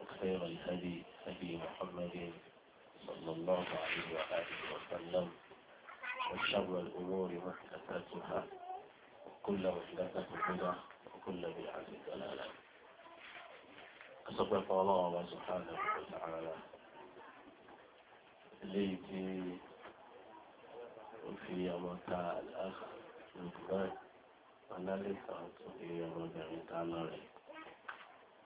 وخير الهدي هدي محمد صلى الله عليه وآله وسلم وشر الأمور محدثاتها وكل محدثة بدعة وكل بدعة ضلالة أصدق الله سبحانه وتعالى ليتي وفي يومك الأخ لقمان أنا لسه أصدق يا مدعي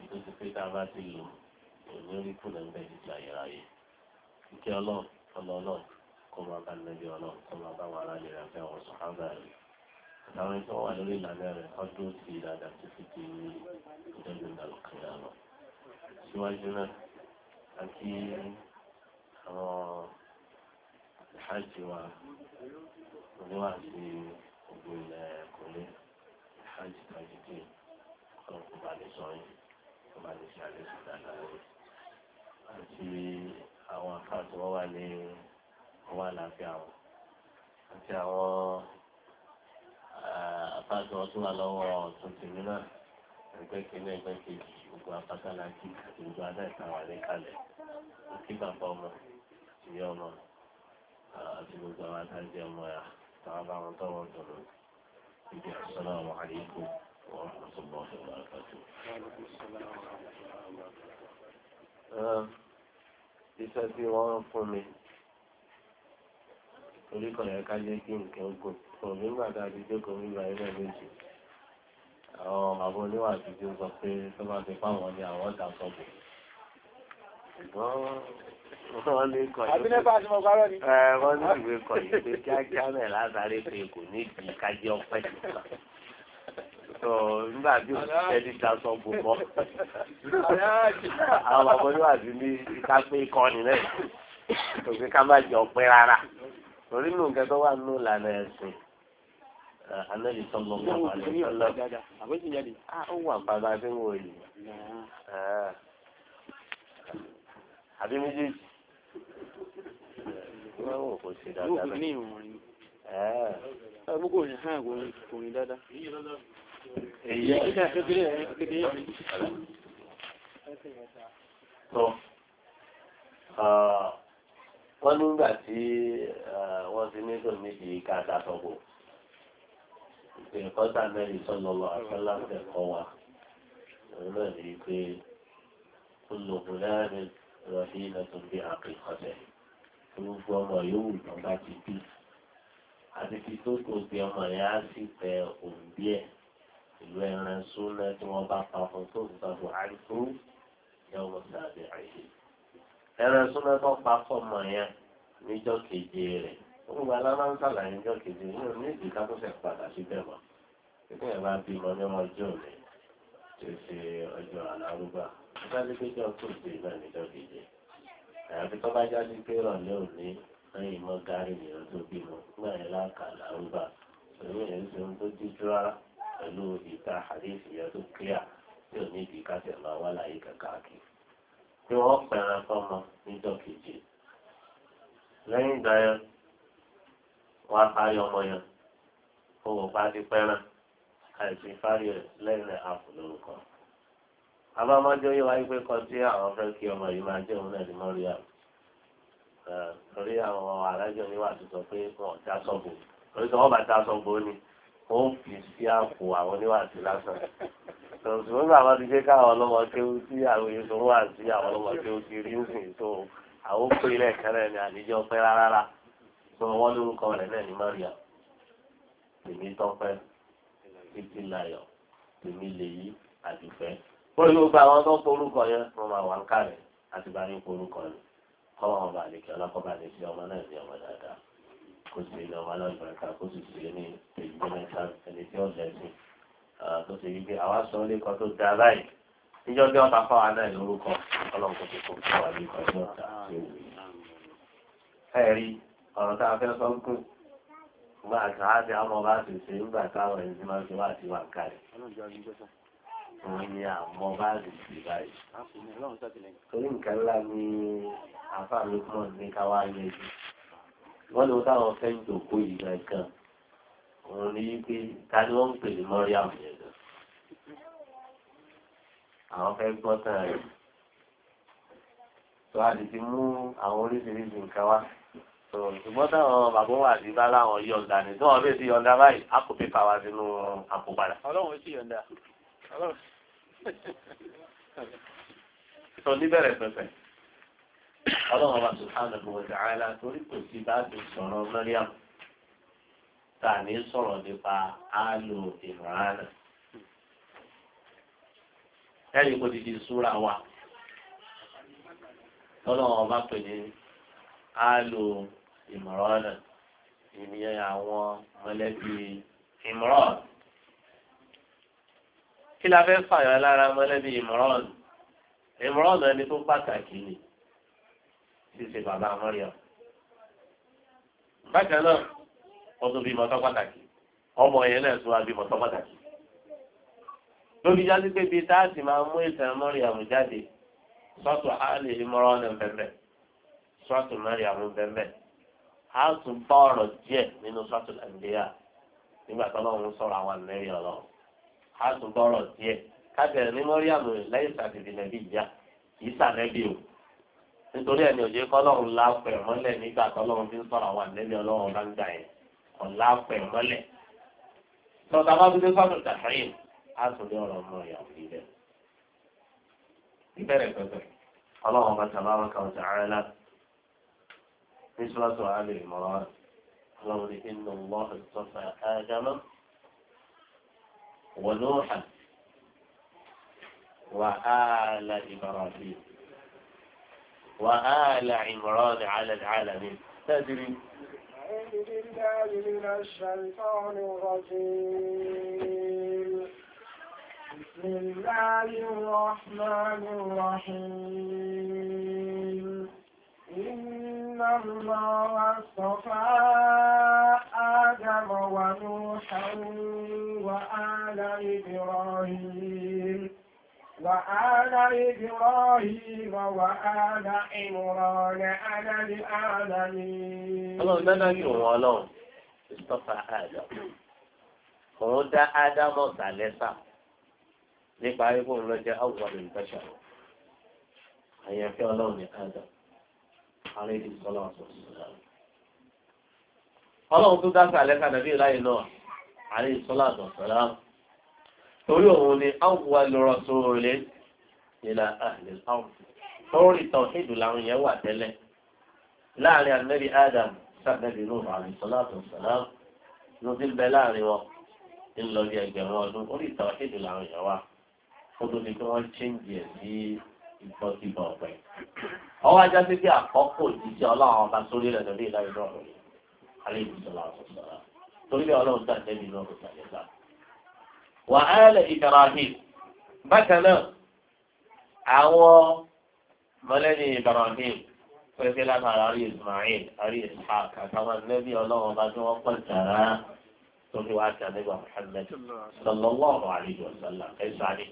èyí ti pé tá a bá ti lò òní orí kùnà ń bẹ̀ títí ayérayé ìkẹ́ ọlọ́run ọlọ́ọ̀lọ́ kó máa bá nẹ́bí ọlọ́run kó máa bá wàhálà lè rẹ̀ fẹ́ wọn sọ ábà rẹ̀ àtàwọn tó wà lórí ìlànà rẹ̀ ọdún ti dàda tó fi ti ní ìdẹ́gbẹ̀ ìdàlùkìlà lọ síwájú náà àti àwọn ìhájì wa oníwà sí ogun ilẹ̀ kòlé ìhájì tajidé ọlọ́run kò bá lè sọ yìí tó àwọn àkáǹtì wọ́n wà ní ọwọ́ àlàáfíà wọn àti àwọn àkáǹtì wọn tó wà lọ́wọ́ ọ̀tún tèmi ẹgbẹ́ kìíní ẹgbẹ́ kejì gbogbo apátálá kí gbogbo adáìta wà ní kalẹ̀ kí bàbá ọmọ ìyá ọmọ àti gbogbo àwọn adájẹ́ ọmọ yà táwọn bá wọn tọ́wọ́ tọ̀rọ̀ ìdí àṣọ náà wà ورحمة الله وبركاته iṣẹ́ tí wọ́n fún mi orí kan jẹ́ kí nǹkan gùn fún mi nígbà tá a ti jókòó nígbà ilé méjì àwọn bàbá oníwà àtijọ́ sọ pé tó bá ti fáwọn ní àwọn ọ̀tà sọ́bù ṣùgbọ́n wọ́n ní kọ̀ pé kíákíá náà látàrí pé kò ní ìdí kájẹ́ ọpẹ́ tó nígbà tí òṣìṣẹ́ ní daṣọ bò mọ́ àwọn ọmọ níwà sí ní ká pé ìkọ́ni náà kò sí ká má jẹ ọpẹ́ rárá torí nù nǹkan tó wà nù lànà ẹ̀sìn anabi sọlọ ń bọ̀ àlẹ́ ó wà bàbá tí ń wò yìí eh, àbí méjèèjì eh, wọ́n wò kó ṣe dáadáa Ah. mú ah, wọ́n nígbà tí ah, wọ́n ti ní tòun níbi káàtà sọ́gbọ̀ ìpínlẹ̀ kọ́tà mẹ́rin sọ́lọ́lọ́ àṣálá tẹ̀kọ́ wa òun ní pé olùkùn láàrin rọ̀hìn lọ́tún bí àkíkọ́tẹ̀ gbogbo ọmọ yòówù tó bá ti bí àti fi tó kò bí ọmọ yẹn á sì tẹ òǹbí ẹ̀ ìlú ẹran súnlẹ̀ tí wọ́n bá pa fún tó ń sàbò àìkú ní ọmọ sàbẹ̀ àìsí. ẹran súnlẹ̀ tó pa fọmọ yẹn níjọ́ keje rẹ̀ ó ń gba aláwọ̀ sàlàyé níjọ́ keje ní òní ìdí kápẹ́sẹ̀ padà síbẹ̀ mọ́ kíkọ́ yẹn bá bímọ ní ọmọ ọjọ́ òní tó ṣe ọjọ́ àlárúgbà ó sáré péjọ tó ṣe náà níjọ́ keje àyàfi tó bá jáde pé rọ̀ ní òní lẹ́yìn mọ́ gárì nìyàn tó bímọ nígbà yẹn láǹkà làrúbà pẹ̀lú yẹn ṣe ń tó díjú rárá pẹ̀lú ìta àdéhùn yẹn tó tí ò ní ìdí kásẹ̀ máa wá láyé kàkàkì. tí wọ́n pẹ̀rẹ̀ fọ́mọ níjọ́ kejì lẹ́yìn ìgbà wọ́n parí ọmọ yẹn owó pàdé pẹ́ràn àìsí fárí rẹ̀ lẹ́yìn àpò lórúkọ. àbámọ́jọ́ yóò wáyé pé kọjú àwọn fẹ́ kí ọmọ yìí máa jẹ́ òun náà ní mọ́ríyàmù torí àwọn alájọ ni wà tó sọ pé wọn ta sọ́bù torí sọ wọ́n bá ta sọ́bù ni ó fi sí àpò àwọn oníwàásí lásán tòṣùwọ́n nígbà wọn ti jẹ́ káwọn ọlọ́mọ kéwú tí àwọn èèyàn wà sí àwọn ọlọ́mọ kéwú ti rí ń sìn tó àwọn òpè ilẹ̀ kẹrẹ ni àníjọ pẹ́ rárá tó wọ́n lórúkọ rẹ̀ náà ní Maria tèmi tọ́pẹ́ títí láyọ̀ tèmi lèyí àdùfẹ́. ó ní gbogbo àwọn tó ń porúkọ yẹn wọ́n máa wà ń kárẹ̀ àti bá ní porúkọ yẹn kọ́lọ́wọ́n bá lè kí ọlọ́kọ́bá lè ṣe ọmọ náà ní ọmọ dáadáa kó sì ní ọmọ alágbàrúkà kó sì sí ní tèjúmẹ́ta ẹni tí ó lẹ́sìn tó ṣe wípé àwa sọ ọ́ lẹ́kọ̀ọ́ tó da báyìí níjọ́ bí ọba fáwa náà ní orúkọ ọlọ́run kò ti kó fún wa ní ọjọ́ ọ̀tá tí ó wù yìí. ẹ̀rí ọ̀rọ̀ tá a fẹ́ sọ ń kú gbà ká á ti àwọn ti ṣe ń gbà káwọn ẹni tí máa ń ṣe wá àti wà ń kárẹ̀ òun ni àmọ́ bá lè ṣe báyìí. torí nǹkan ńlá ni àfa mi kúrò ní káwá yẹjú. wọ́n lọ táwọn fẹ́ jòkó yìí gangan. òun ni wípé ta ni wọ́n ń pè ní mọ́ríàm yẹn gan. àwọn fẹ́ gbọ́ tán rẹ̀. tó a lè ti mú àwọn oríṣiríṣi nǹkan wá. ṣùgbọ́n táwọn bàbá wà sí bá láwọn yọ̀ǹda ni tí wọ́n bẹ̀ sí yọ̀ǹda báyìí á kò pépà wá sínú àpò padà. ọlọ́run ó sì yọ̀ǹda. ọlọ́run sọ níbẹ̀rẹ̀ pẹ̀pẹ̀ ọlọ́run ọba subhanahu wa ta'ala torí kò sí bá ti sọ̀rọ̀ Mariam tá a ní sọ̀rọ̀ nípa àlò ìmọ̀ràn ẹ̀rí kò dìde súra wa lọ́lọ́wọ́ ọba pè ní àlò ìmọ̀ràn ìmìyẹn àwọn mọ̀lẹ́bí ìmọ̀ràn kí la fẹ́ fàyọ lára mọ́lẹ́bí ìmọ̀ràn ìmọ̀ràn ẹni tó pàtàkì ni ṣíṣe bàbá mọ́ríà bákan náà wọ́n tún bímọ tó pàtàkì ọmọ yẹn náà tún wá bímọ tó pàtàkì lórí jáde pé bíi táàtì máa mú ìtàn mọ́ríà mú jáde sọ́tù àlè ìmọ̀ràn bẹ́ẹ̀ sọ́tù mọ́ríà mú bẹ́ẹ̀ a tún bá ọ̀rọ̀ díẹ̀ nínú sọ́tù làǹdíyà nígbà tó lọ́wọ́ sọ̀rọ̀ àwọn àlẹ́ yọ̀ lọ́wọ́. á tún bọ́rọ̀ díẹ̀ kábẹ̀rẹ̀ ní mọ́ríàmù lẹ́yìn sàdìdì nàbí ìyá kì í o nítorí ẹni òjò kọ́lọ́run lápẹ̀ mọ́lẹ̀ nígbà tọ́lọ́run fi ń sọ̀rọ̀ àwọn ànẹ́bí ọlọ́run bá ń gbà yẹn kọ́ lápẹ̀ mọ́lẹ̀ bá dúdú ọ̀rọ̀ mọ́ pẹ̀pẹ̀ ọlọ́run bá tàbá wọn ونوحا وآل إبراهيم وآل عمران على العالمين تدري أعوذ بالله من الشيطان الرجيم بسم الله الرحمن الرحيم إن الله اصطفى آدم ونوحا وآل إبراهيم وآل إبراهيم وآل عمران على العالمين الله لنا يوم اصطفى آدم òun dá ádámọ̀ sàlẹ́sà nípa ikú ńlọ jẹ́ àwọn ìbáṣà àyànfẹ́ ọlọ́run ní ádámọ̀ àrẹ ìdìsọ́lá ọ̀sọ̀ ọlọ́run tó dá sàlẹ̀ kàdàbí láyé náà àrẹ ìsọ́lá ọ̀sọ̀lá torí òun ni áwùwà lọ́rọ̀ tó rẹ̀ nílà àhìlẹ̀ áwù tó rí tàn hídù làwọn yẹn wà tẹ́lẹ̀ láàrin ànẹ́bí Adam sàbẹ̀bí ló àrẹ ìsọ́lá ọ̀sọ̀lá ló ti bẹ láàrin wọn ńlọ bí ẹgbẹ̀rún ọdún orí tàn hídù làwọn yẹn wà ó tó kí wọ́n chíńjì ẹ̀ sí ìfọ́síbọ̀ ọ̀pẹ. ọwọ́ ajá sí pé àkọ́kọ́ òjijì ọlọ́run ọba sórí rẹ̀ lórí ìlà ìlú ọ̀rọ̀ rẹ̀ alẹ́ ìbùsọ̀lá ọ̀sọ̀sọ̀lá torí bí ọlọ́run tà tẹ́lẹ̀ ìlú ọ̀rọ̀ tàlẹ́ sá. wà á lẹ̀ Ibrahim bákan náà àwọn mọ̀lẹ́ni Ibrahim pẹ̀lú látara àrí Ismail àrí Ishaq àtàwọn ẹlẹ́bí ọlọ́run ọba tí wọ́n pọ̀ jàrá tó fi wá sí àdébà Muhammad sallallahu alayhi wa sallam ẹ̀sán ni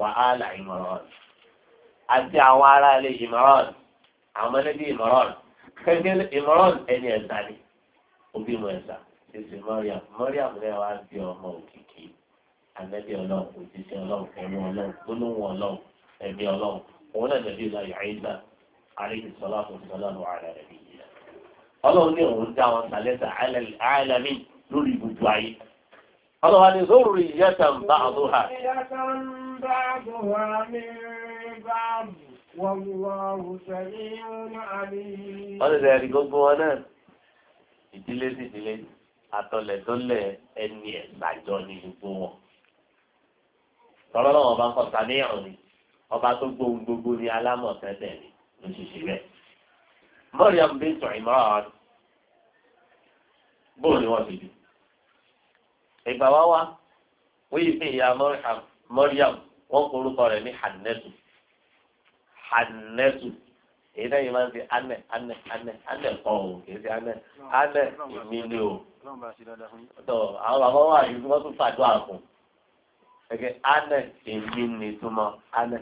wà á là ìmọ̀ràn àti àwọn ará ilé ìmọ̀ràn àwọn mẹ́lẹ́bí ìmọ̀ràn kẹ́kẹ́ ìmọ̀ràn ẹni ẹ̀sà ni òbí mọ̀ ẹ̀sà ṣèṣe mọ́ríàm mọ́ríàm rẹ̀ wá bí ọmọ òkìkí ànẹ́bí ọlọ́run òṣìṣẹ́ ọlọ́run ẹ̀mí ọlọ́run gbólóhùn ọlọ́run ẹ̀mí ọlọ́run òun náà nàbí ìlà yàrá àríkì sọlá ọlọ́run ní òun بعضها من بعض والله سميع عليم ọdún ẹ̀rí gbogbo wọn náà ìdílé sí ìdílé àtọ̀lẹ̀tọ̀lẹ̀ ẹni ẹ̀sàjọ ní gbogbo wọn tọ́lọ́lọ́wọ́ bá kọ́ sàníyàn ni ọba tó gbóhùn gbogbo ní alámọ̀ tẹ́tẹ̀ ni lóṣìṣẹ́ rẹ̀ mọ́ríyàm bí tọ̀ ìmọ̀ràn bóò ni wọ́n ti di ìgbà wá wá wíyí fi ìyá mọ́ríyàm wọ́n kọ orúkọ rẹ̀ ní hanẹ́tù hanẹ́tù èyí náà yìí máa ń fi anẹ anẹ anẹ anẹ kọ o kì í ṣe anẹ anẹ èmi ni o tó àwọn bàbá wà yìí tí wọ́n tún fàdúrà fún ẹgẹ anẹ èmi ni túmọ̀ anẹ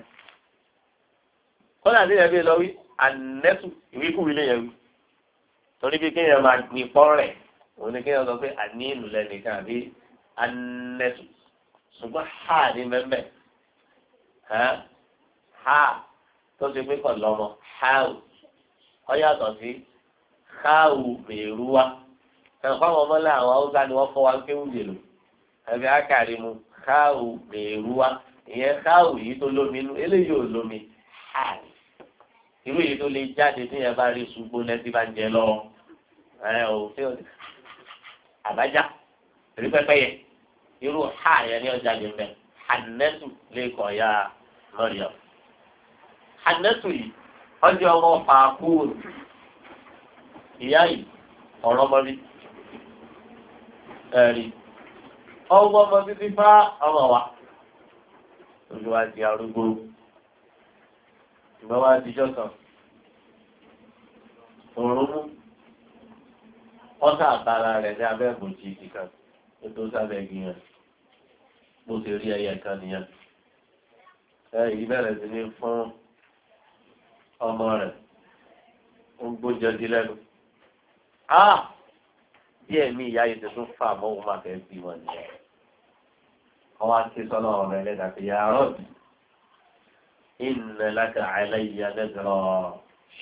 kọ́nà àbíyẹn bíi lọ wí anẹ́tù ìwíkúwí lè yẹn wí torí bí kéèyàn máa gbin pọ́nrẹ̀ òun ni kéèyàn sọ pé àní ìlú lẹ́nìkan àbí anẹ́tù ṣùgbọ́n háà ní mẹ́mẹ́ ha tó ṣe pé kọ̀ lọ́mọ háù ọ yàtọ̀ sí háù bèrú wa ẹ̀kọ́ àwọn ọmọ náà àwọn haúsá ni wọ́n fọ́ wa ń kéwù jèlò àbí ákàrí mu háù bèrú wa ìyẹn háù yìí tó lómi inú eléyìí ò lómi háù irú yìí tó lè jáde tí yẹn bá rí ṣùgbọ́n náà ti bá jẹ lọ ẹ ò fẹ́ àbájá rí pẹ́pẹ́yẹ irú háà yẹn ni ọjà lè fẹ́ ànẹ́tù lè kọ̀ ya. Maryam hannatu yìí ọjọ́ ọmọ pàákúrò ìyá yìí ọ̀rọ̀ ọmọ bí ẹ̀rí ọgbọ́n ọmọ títí bá ọmọ wa olùwà di arúgbó ìgbọ́n wa di jọ́sàn òórùn mú ọ́sà àbára rẹ̀ ní abẹ́ ìbòjì ìdìkan tó tó sábẹ́ gbìyànjú bó ti rí ẹyẹ kan nìyẹn èyí bẹ̀rẹ̀ sí ní fún ọmọ rẹ̀ ó ń gbóúnjẹ sí lẹ́nu. díẹ̀ mi ìyá yìí tuntun fà mọ́ òun máa fẹ́ bí wọn nìyẹn. àwọn aké sọ́nà ọ̀rọ̀ ẹlẹ́dà fi yà rọ̀ bí. إن لك علي نذرا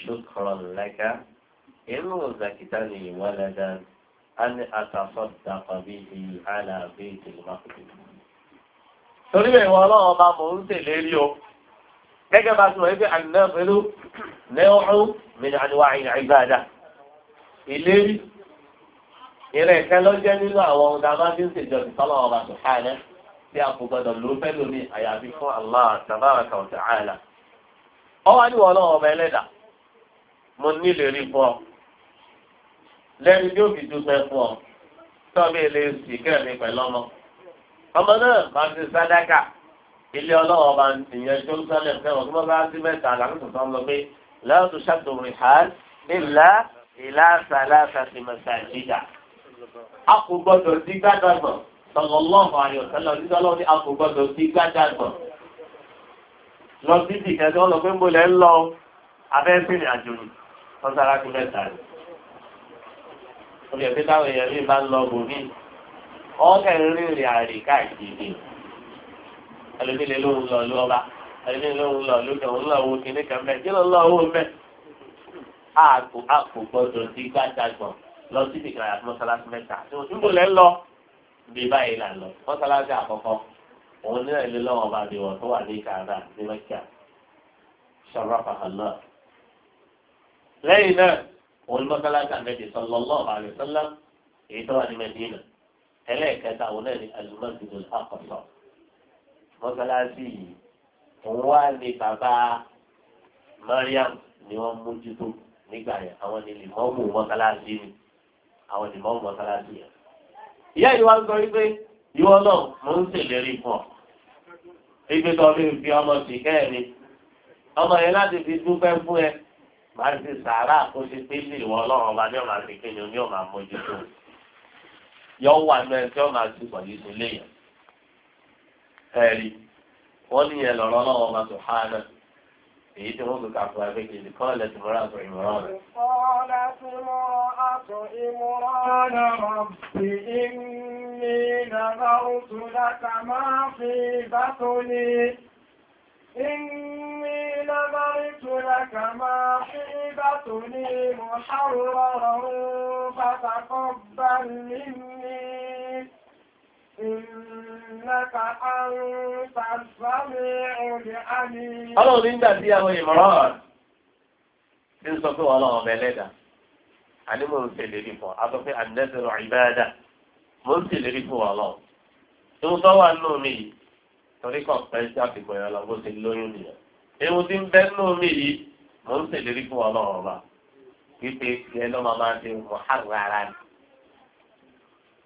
شكرا لك إن رزقتني ولدا أن أتصدق به على بيت المقدس torí bẹ́ẹ̀ ọba mò ń tèlé rí o gẹ́gẹ́ bá ti wípé àná pẹ̀lú lẹ́wọ̀n mi àníwá ìgbàdà ìlérí ìrẹ̀ ẹ̀kẹ́ ló nínú àwọn ohun tá a máa fi ń ṣèjọ ìtọ́lọ̀ ọba a kò gbọdọ̀ ló fẹ́ lómi àyàfi fún Allah ọba ẹlẹ́dà mo ní fún ọ lẹ́ni tí ó fi dúpẹ́ fún ọ tọ́ ọmọ náà máa ń ṣe sádákà ilé ọlọ́wọ́ bá ń tìyẹn Jerusalem fẹ́ràn tó bá bá sí mẹ́ta àlàkùtù tó ń lọ pé láàtú ṣàtò rìhán ìlà ìlà sàlàsà sí mẹ́sàgídà. a kò gbọdọ̀ sí gbàdàgbọ̀ sọlọ́lọ́hùn àyọ̀sẹ́lẹ̀ onídọ́lọ́ ní a kò gbọdọ̀ sí gbàdàgbọ̀. lọ sí ìdìkẹ́ tí wọ́n lọ pé mo ń lọ abẹ́sìn àjòyì wọ́n kí mẹ́ta rẹ̀. olùyẹ̀fẹ́ táwọn èèyàn yìí bá ń lọ bòmíì wọn kẹ ń rìnrìn àrè káàkiri ẹlòmí lè lóun lọ lọ ọba ẹlòmí lóun lọ lókè òun lọ wo kíní kan bẹ kí ló lọ wo bẹ àpò àpò gbọ́dọ̀ sí gbàdàgbọn lọ sí ìdìgbà àti mọ́sálásí mẹ́ta tí mo tún bò lẹ lọ bí báyìí là lọ mọ́sálásí àkọ́kọ́ òun ní ẹlẹ lọ́wọ́ ọba bí wọn tó wà ní kàrà ní mẹkíà sọ̀rọ̀ àfàlọ lẹ́yìn náà òun mọ́sálásí ẹlẹ́ẹ̀kẹta òun náà ni alimọ́sídùn àkọ́sọ́ mọ́sálásí yìí òun wá ní bàbá Mariam ni wọ́n mójútó nígbà yẹn àwọn ni lèmọ́mù mọ́sálásí ni àwọn lèmọ́mù mọ́sálásí yẹn. ìyá yìí wá ń sọ wípé ìwọ náà mò ń ṣèlérí fún ọ ibi tó fi fi ọmọ sí kẹ́ẹ̀ni ọmọ yẹn láti fi dúpẹ́ fún ẹ máa ti sàárà kó ṣe pé ní ìwọ ọlọ́run ọba ní ọmọ àti kéèyàn ní ọmọ àmójútó yọ wà ní ẹni tí wọ́n máa ti pọ̀ yìí tó léèyàn. ẹ̀rí wọ́n ní yẹn lọ́rọ́ náà wọ́n máa tó há náà èyí tí wọ́n kà fún abẹ́ kejì kọ́ lẹ̀ tó mọ́ra àtọ̀ ìmọ̀ràn rẹ̀. kọ́lá إني نظرت لك ما حيبتني محررا فتقبل مني Ọlọ́run nígbà tí àwọn ìmọ̀ràn ti ń sọ pé wọ́n lọ́wọ́ mẹ́lẹ́dà, a ní mò ń ṣe lérí fún ọ, a sọ pé àdínẹ́sẹ̀rọ̀ ìbáradà, torí kan pẹ́ sí àbíkọ̀ yẹn lọ bó ti lóyún nìyẹn. ewu ti ń bẹ́ nù mí yìí mò ń ṣèlérí fún ọlọ́run ọba wípé tiẹ̀ lọ́ máa máa ṣe mọ̀ hàrù ara ni.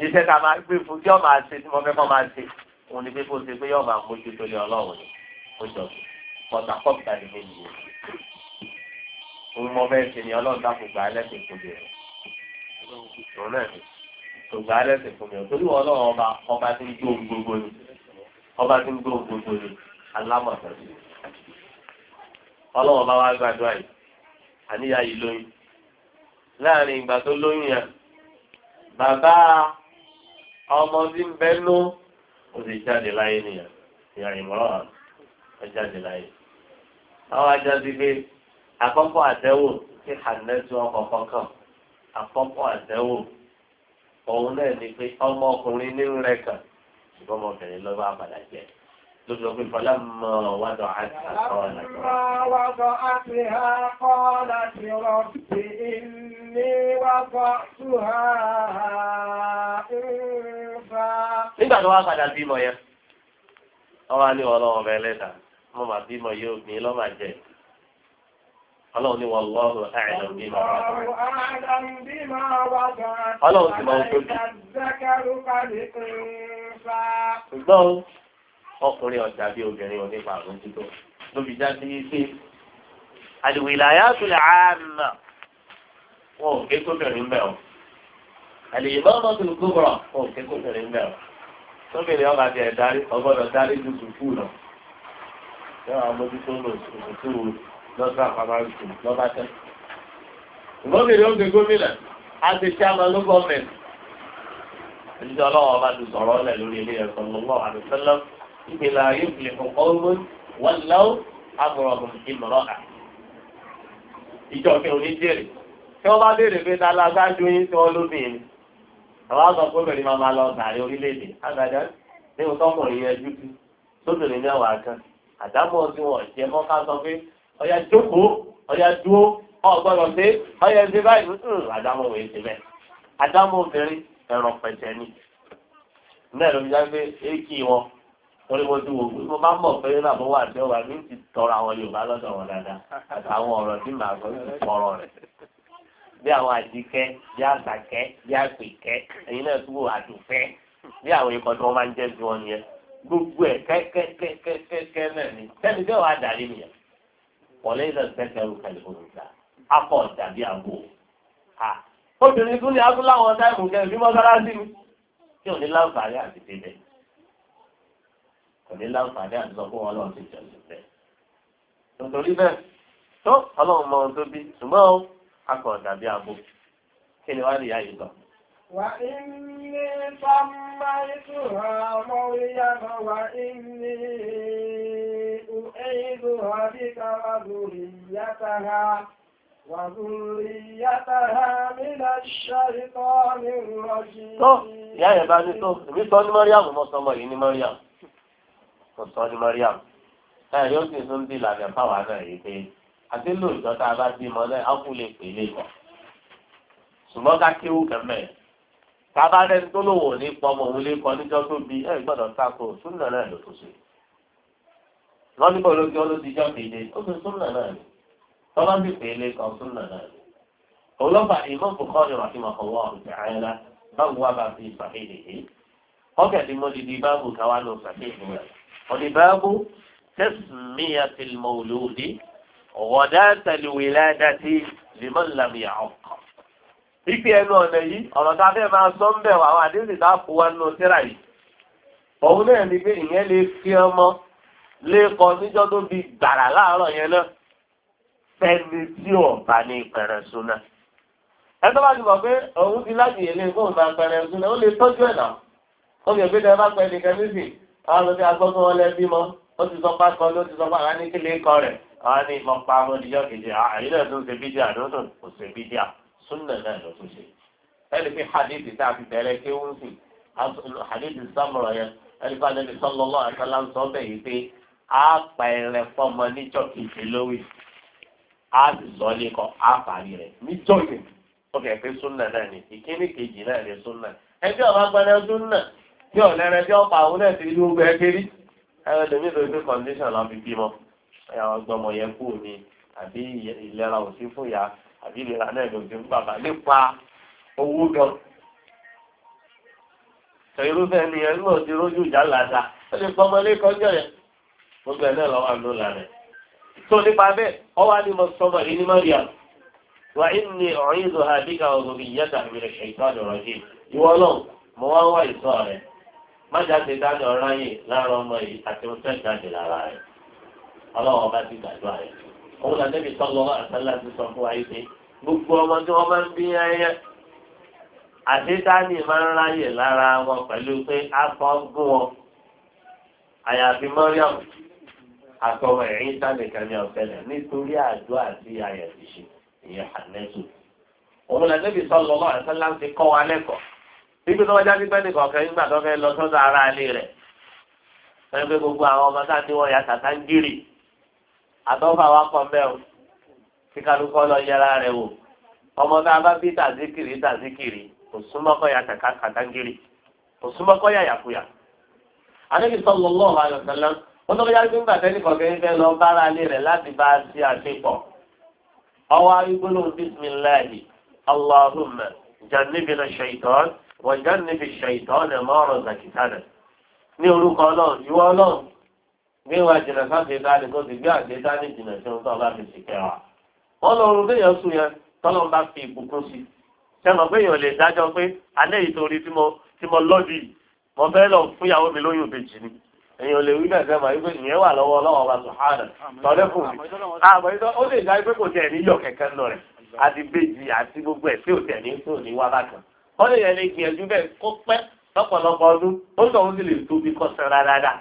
iṣẹ́ ká máa gbé fún kí ọ máa ṣe tí mo fẹ́ kọ́ máa ṣe òun ni pé kó ṣe pé yọ máa mójú tó lé ọlọ́run ni ó jọ pọ̀tà kọ́pìtà ni méjì yẹn. òun mo fẹ́ ṣe ni ọlọ́run dákun gbà á lẹ́sìn ìkojì rẹ̀. òun náà ni kò gbà á lẹ́sìn fún mi ò torí ọlọ́run ọba ọba ti ń jó gbogbo ni ọba tí ń gbé ògbójò ni alámọ̀tẹ́sí ọlọ́wọ́n bá wá gbàdúrà yìí àníyá yìí lóyún láàrin ìgbà tó lóyún yẹn bàbá ọmọ tí ń bẹ́nu ó sì jáde láyé nìyẹn ìyá ìmọ̀ràn ó jáde láyé àwọn ajáde pé àkọ́kọ́ àtẹ́wò tí hànẹ́tù ọkọ̀ kọ̀ọ̀kan àkọ́kọ́ àtẹ́wò òun náà ni pé ọmọkùnrin nínú rẹ̀ kàn ṣùgbọ́n ọmọbìnrin lọ bá padà jẹ lójú ọgbìn fọlá mọ wádọ àti àkọọlà tó. wádọ àti àkọọlà ti rọ̀bì ní wákọ̀ túhà ńfà. nígbà tó wá padà bímọ ọlọ́run ní wọn lọ́rùn àìlọ́ bí máa wà bá ọlọ́run ti máa ń tóbi. ṣùgbọ́n ọkùnrin ọ̀dà bíi obìnrin ò ní máa rún títọ́ lóbi já sí pé al-wilayatul 'amma wọn ò ké kóbìnrin mẹ́ o al-imamatul kubra wọn ò ké kóbìnrin mẹ́ tóbìnrin ọba ti ẹ̀ darí ọgbọ́dọ̀ darí ju sùkúù lọ. Yọ̀wọ̀ amójútó lọ́sọ̀ àpamọ́rí kù lọ́ba tẹ́. Ìgbọ́nbìnrin ó ń gbé gómìnà á ti ṣe àmọ́ ló gọ́ọ̀mẹ̀ntì. Ẹ̀jẹ̀ ọlọ́wọ́ bá ti sọ̀rọ̀ ọ̀lẹ̀ lórí ilé ẹ̀kọ́ lọ́wọ́ àdùsọ́lọ́ ìgbìlà yóò fi kọ̀kọ́ wọn wọn lọ́wọ́ àbúrò ọ̀hún ìmọ̀ràn à. Ìjọ kí òní jèrè. Tí wọ́n bá béèrè pé ta la ṣáájú yín tí wọ́n lóbìnrin. Àwọn àgbà gómìnà máa máa lọ sàárè orílẹ̀-èdè. Àgbàdá ní ìtọ́kùnrin yẹn jútú. Lóbìnrin mẹ́wàá kan. Àdámọ̀ tí wọ́n jẹ mọ́ ká sọ pé ọ̀yà jókòó ọ̀yà dúó ọ̀gbọ́dọ̀ pé ọ̀yà ẹ̀sìn báyìí àdámọ̀ wòye ti bẹ́ẹ̀ àdámọ̀ obìnrin ẹ̀rọ pẹ̀tẹ̀ ni náà lóbi dágbé éèkì wọn torí mo ti wò pé mo máa ń mọ̀ pé náà mo wà ní ọ̀wà mi ti tọrọ àwọn Yorùbá lọ́dọ̀ wọn dáadáa àtàwọn ọ̀rọ̀ tí màá sọ ti tọrọ rẹ̀ bí àwọn àdìkẹ́ bí àgbàkẹ́ bí àpèkẹ́ ẹ̀yin náà túbọ̀ àdùfẹ́ bí àwọn ikọ̀ tí wọ́n máa ń jẹ́ sí wọn nìyẹn gbogbo ẹ̀ kẹ́kẹ́kẹ́kẹ́kẹ́ náà ni tẹ́lifíṣẹ́ wàá dàrí nìyẹn ọ̀lẹ́ ìdàgbẹ́kẹ̀rù kẹlẹ́kọ̀ọ́ta akọ̀ dàbí àbò ha obìnrin tún ní abúláwọn táìmù kẹrin bí mọ́sálásí mi tí ò ní láǹfààní àti tẹ́lẹ̀ kò ní láǹfààní àti sọ fún wọn lọ́wọ́ ti jẹun bẹ́ẹ̀. nítorí bẹ́ẹ̀ tó ọlọ́run mọ ohun tó bí ṣùgbọ́n akọ̀ dàbí àbò kí ni wàá rí ayé lọ. wà á ní sọ́mbà ìtura ọmọ orí أعيدها بك وذريتها Tó ìyá ẹ̀ bá ní tó, èmi sọ ní Mariam mọ́ sọmọ yìí ní Mariam, kò sọ ní Mariam. Náà yóò sì tún di ìlànà fáwa náà yìí pé àti lóòótọ́ tá a bá bímọ náà á kú lè pè é lẹ́kọ̀ọ́. Ṣùgbọ́n ká kéwú kẹ́mẹ̀. Tá a bá rẹ́ni tó lòun ní pọmọ òun lé kọ níjọ́ tó bí ẹ̀ gbọ́dọ̀ tako súnà náà ló tó ṣe wọ́n ní bọ̀ lójú ọlọ́dijọ́ kéde ó fi súnà náà ni tọ́lá sì pè é lé kan súnà náà ni. ọlọ́pàá Imam Bukhari rahimahullahu ta'ala báwo wá bá fi sàkéde yìí ọkẹ́ tí mo di di báàbù káwá ló sàkéde rẹ̀ ọ̀dì báàbù tasmiyatil mawludi ghadatal wiladati liman lam ya'uqqa ìpè ẹnu ọ̀nà yìí ọ̀rọ̀ lékọ níjọ́ tó bí gbàrà láàárọ̀ yẹn náà fẹ́ni tí ò bá ní pẹ̀rẹ̀ súná. ẹ tó bá ti mọ̀ pé òun ti láti yẹlé kó ń bá pẹ̀rẹ̀ súná ó lè tọ́jú ẹ̀ náà ó yẹ pé tẹ bá pẹ́ nìkan nísì àwọn ọlọ́dẹ agbọ́gbọ́n wọn lẹ́bí mọ́ ó ti sọ pá kan ló ti sọ pá àwọn aníkílé kọ rẹ̀ àwọn ní ìmọ̀ pa àwọn ìdíjọ́ kejì àìlẹ̀ tó ń ṣe bídíà lọ́dún kò ṣe bídíà súnà náà ló tún ṣe ẹni pé hadith tá a fi bẹ̀rẹ̀ kéwù hadith sámúrọ̀ yẹn ẹni pé alẹ́ sọ́lọ́lọ́ àtàlà ń sọ bẹ́ẹ̀ yìí pé á pa ẹrẹ fọmọ níjọ kejì lówì á sì sọ lẹkọ á parí rẹ níjọ yìí ó pé súnà náà ni ìkíní kejì náà ni súnà ẹbí ọba gbẹdẹ súnà bí ọlẹrẹ bí ọpa àwọn náà ti rí gbogbo ẹgbẹrí ẹrẹ lèmi lórí pé kọndíṣàn la fi bímọ ẹyàwó gbọmọ yẹn kú ni àbí ìlera ò fún ya àbí ìlera náà ló ti ń bàbá nípa owó gan ṣe irúfẹ́ ni ẹ̀ ń lọ sí rójú ìjà làdá ó lè gbọmọ lẹ́kọ̀ọ́ gbogbo ẹ̀ náà lọ́wọ́ àánú lànà. tó nípa bẹ́ẹ̀ ọ wá ní mo sọmọ mọ́ríà wà ní ọ̀rìn ìlú àbíkà ọ̀gbọ̀n ìyáta ìrẹ̀ ṣèkọ́ ọ̀rọ̀ yìí ìwọ náà mo wá wá ìtọ́ rẹ̀ má jáde dájọ́ ráyè láàárọ̀ ọmọ yìí àti mo jáde lára rẹ̀ ọlọ́wọ́ bá ti gbàdúrà rẹ̀ òun là débi tọ́lọ́ àtàlà ti sọ fún wa yìí pé gbogbo ọmọ tí wọ́n máa àtọwọ ẹ̀yìn sáàlẹ̀ ní ọ̀sẹ̀lẹ̀ nítorí àjọ àti ayẹ̀ ti ṣe ìyẹn hànẹ́sù. òun lè níbi ti kọ́ wa lẹ́kọ̀ọ́ ibi tó wájá pípẹ́ nìkan ọ̀kẹ́ nígbà tó fẹ́ lọ sọ́dọ̀ gbogbo àwọn ọmọ sáà ya tàtà ń gírì àtọ́fà wa kí kálukọ́ lọ yẹra rẹ̀ wò ọmọ a bá bí tàzíkìrì ya tàkà wọ́n tó bẹ́yà gbígbà tẹ́lifọ̀ kẹ́yìn fẹ́ lọ bára lé rẹ̀ láti bá a ṣe àṣepọ̀ ọwọ́ arúgbóló bísmìláì aláhùnmẹ̀ jẹ́nìbí na ṣèyítọ́n wọ́n jẹ́nìbí ṣèyítọ́n ẹ̀ mọ́rọ̀ zakitana ní orúkọ náà ìwọ náà gbé wa jìnà sáfì dání kó ti gbé àgbé dání jìnà sí ohun tó bá fi ṣìkẹ́ wa. wọ́n lọ rú béèyàn sùn yẹn tọ́lọ́ bá fi ìbùkún sí i. sẹ́mọ̀ béèyàn lè dájọ́ pé alẹ́ ìtorí tí mo lọ́ọ̀dì mo fẹ́ lọ fúnyàwó mi lóyún ìbejì ni èyàn ò lè wí bẹ́ẹ̀ sẹ́mọ̀ wípé ìyẹn wà lọ́wọ́ ọlọ́wọ́ bá sùhánà tọ́lẹ́ fún mi àmọ́ ìtọ́ ó lè dá pé kò tẹ̀ ní yọ kẹ̀kẹ́ lọ rẹ̀ àti bèjì àti gbogbo ẹ̀ tí ò tẹ̀ ní tó ní wá bàtà ó lè yẹn lè gbìyànjú bẹ́ẹ̀ kó pẹ́ lọ́pọ̀lọpọ̀ ọdún ó lọ́wọ́ sì lè tóbi kọ́ sẹ́ra dáadáa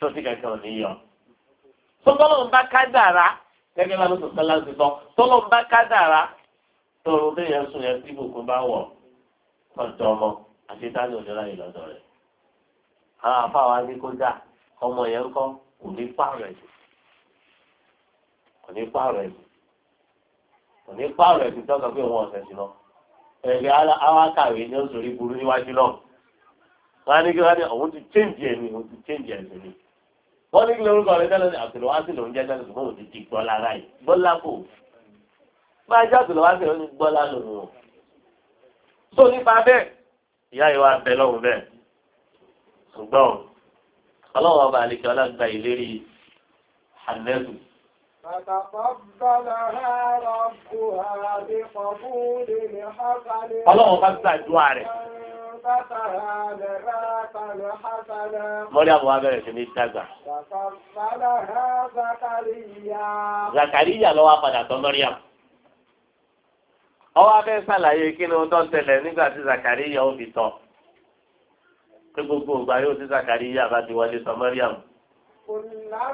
tó sì kẹ̀kẹ́ ò ní yọ. tọ́lọ́run bá kádàrá bá lóṣù sọ́lá ti bá kádàrá tọ́lọ́run àwọn àfáwà ní kó ọmọ yẹn kọ́ kò ní pààrọ̀ ẹ̀sìn kò ní pààrọ̀ ẹ̀sìn kò ní pààrọ̀ ẹ̀sìn tọ́ka pé wọ́n ọ̀sẹ̀ sí lọ ẹ̀rẹ̀ awákàwé ni ó sòrí burú níwájú náà wọ́n ní kí wọ́n ní òun ti chéǹjì ẹ̀mí òun ti chéǹjì ẹ̀sìn ni wọ́n ní kí lórúkọ rẹ̀ tẹ́lẹ̀ àtìlọ́wá sí lòun jẹ́ tẹ́lẹ̀ ṣùgbọ́n ti di gbọ́lá ráì gbọ́lá kò bá a jẹ́ àtìlọ́wá sí lòun gbọ́lá lòun o. tó nípa bẹ́ẹ̀ ìyá yìí wá bẹ lọ́hùn bẹ́ẹ̀ ṣùgbọ́n ọlọ́wọ́ ọba àlejò alágbà ìlérí hanẹ́lù. ọlọ́wọ́ bá gbàdúrà rẹ̀. Mọ́ríàmù wa bẹ̀rẹ̀ sí ní dàgbà. Zakariya lọ wá padà tọ́ Mọ́ríàmù. Ọwọ́ abẹ́ sàlàyé kí ni ó tọ́ tẹ̀lẹ̀ nígbà tí Zakariya ó fi tọ́. pé gbogbo ìgbà yóò sí sàkárí yá bá ti wọlé sọ mọ́ríàmù. كلما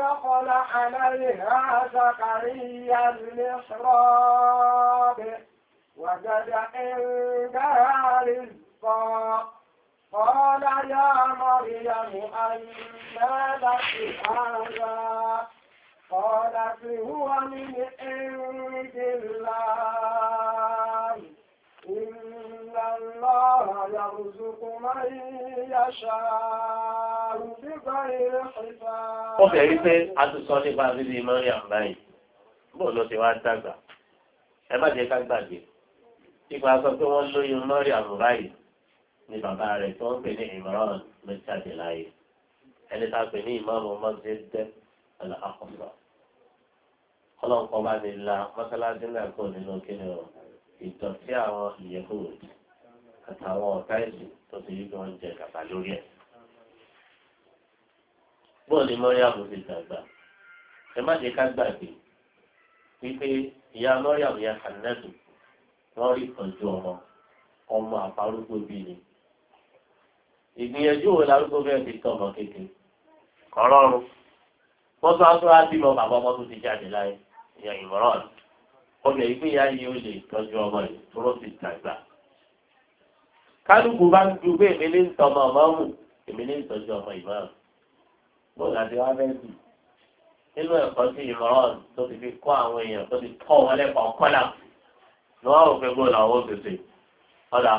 دخل عليها زكريا المحراب وجد عندها رزقا قال يا مريم أنى لك هذا قالت هو من عند الله الله يرزق من يشاء بغير حساب ó fẹ́ rí pé a ti sọ nípa bíbí mọ́ríà báyìí bó ló ti wá dàgbà ẹ má jẹ́ ká gbàgbé ipa sọ pé wọ́n lóyún mọ́ríà báyìí ni bàbá rẹ̀ tó ń pè ní Imran mẹ́tàdé láyé ẹni tá a pè ní ìmáàmù mọ́sídẹ́ aláàkọ́sọ ọlọ́nkọ́ bá ní la mọ́sálásí náà kò nínú kí ni ìdọ̀tí àwọn ìyẹ̀kú rẹ̀ àtàwọn ọ̀tá ẹ̀sìn tó ti yí kí jẹ kàtà lórí ẹ̀. bọ́ọ̀ ni mọ́ríàmù ti dàgbà ẹ má ṣe ká gbàgbé wípé ìyá mọ́ríàmù yẹn hànẹ́tù wọ́n rí ìtọ́jú ọmọ ọmọ àparúgbó bí ni. ìgbìyànjú wo larúgbó bẹ́ẹ̀ fi tọ́ ọmọ kékeré kọ́rọ́rùn wọ́n tún aṣọ àbímọ bàbá ọmọ tó ti jáde láyé ìyá ìmọ̀ràn ọ̀dọ̀ ìgbéyàá yìí ó lè tọ́jú ọmọ yìí tó ló ti dàgbà kálukú bá ń ju pé èmi ní tọmọ ọmọọmù èmi ní ìtọ́jú ọmọ ìmáàmù bóun àti wá fẹ́ sùn nínú ẹ̀kọ́ sí ìmọ̀ràn tó ti fi kọ́ àwọn èèyàn tó ti kọ́ wọn lẹ́kọ̀ọ́ kọ́là ni wọ́n rò pé bó làwọn òṣèṣe ọ̀dà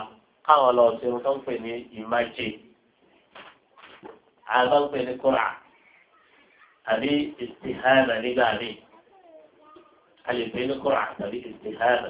káwọn lọ sí ohun tó ń pè ní ìmájì àwọn tó ń pè ní kúrà àbí ìsìhánà nígbà míì a lè pè ní kúrà tàbí ìsìhánà.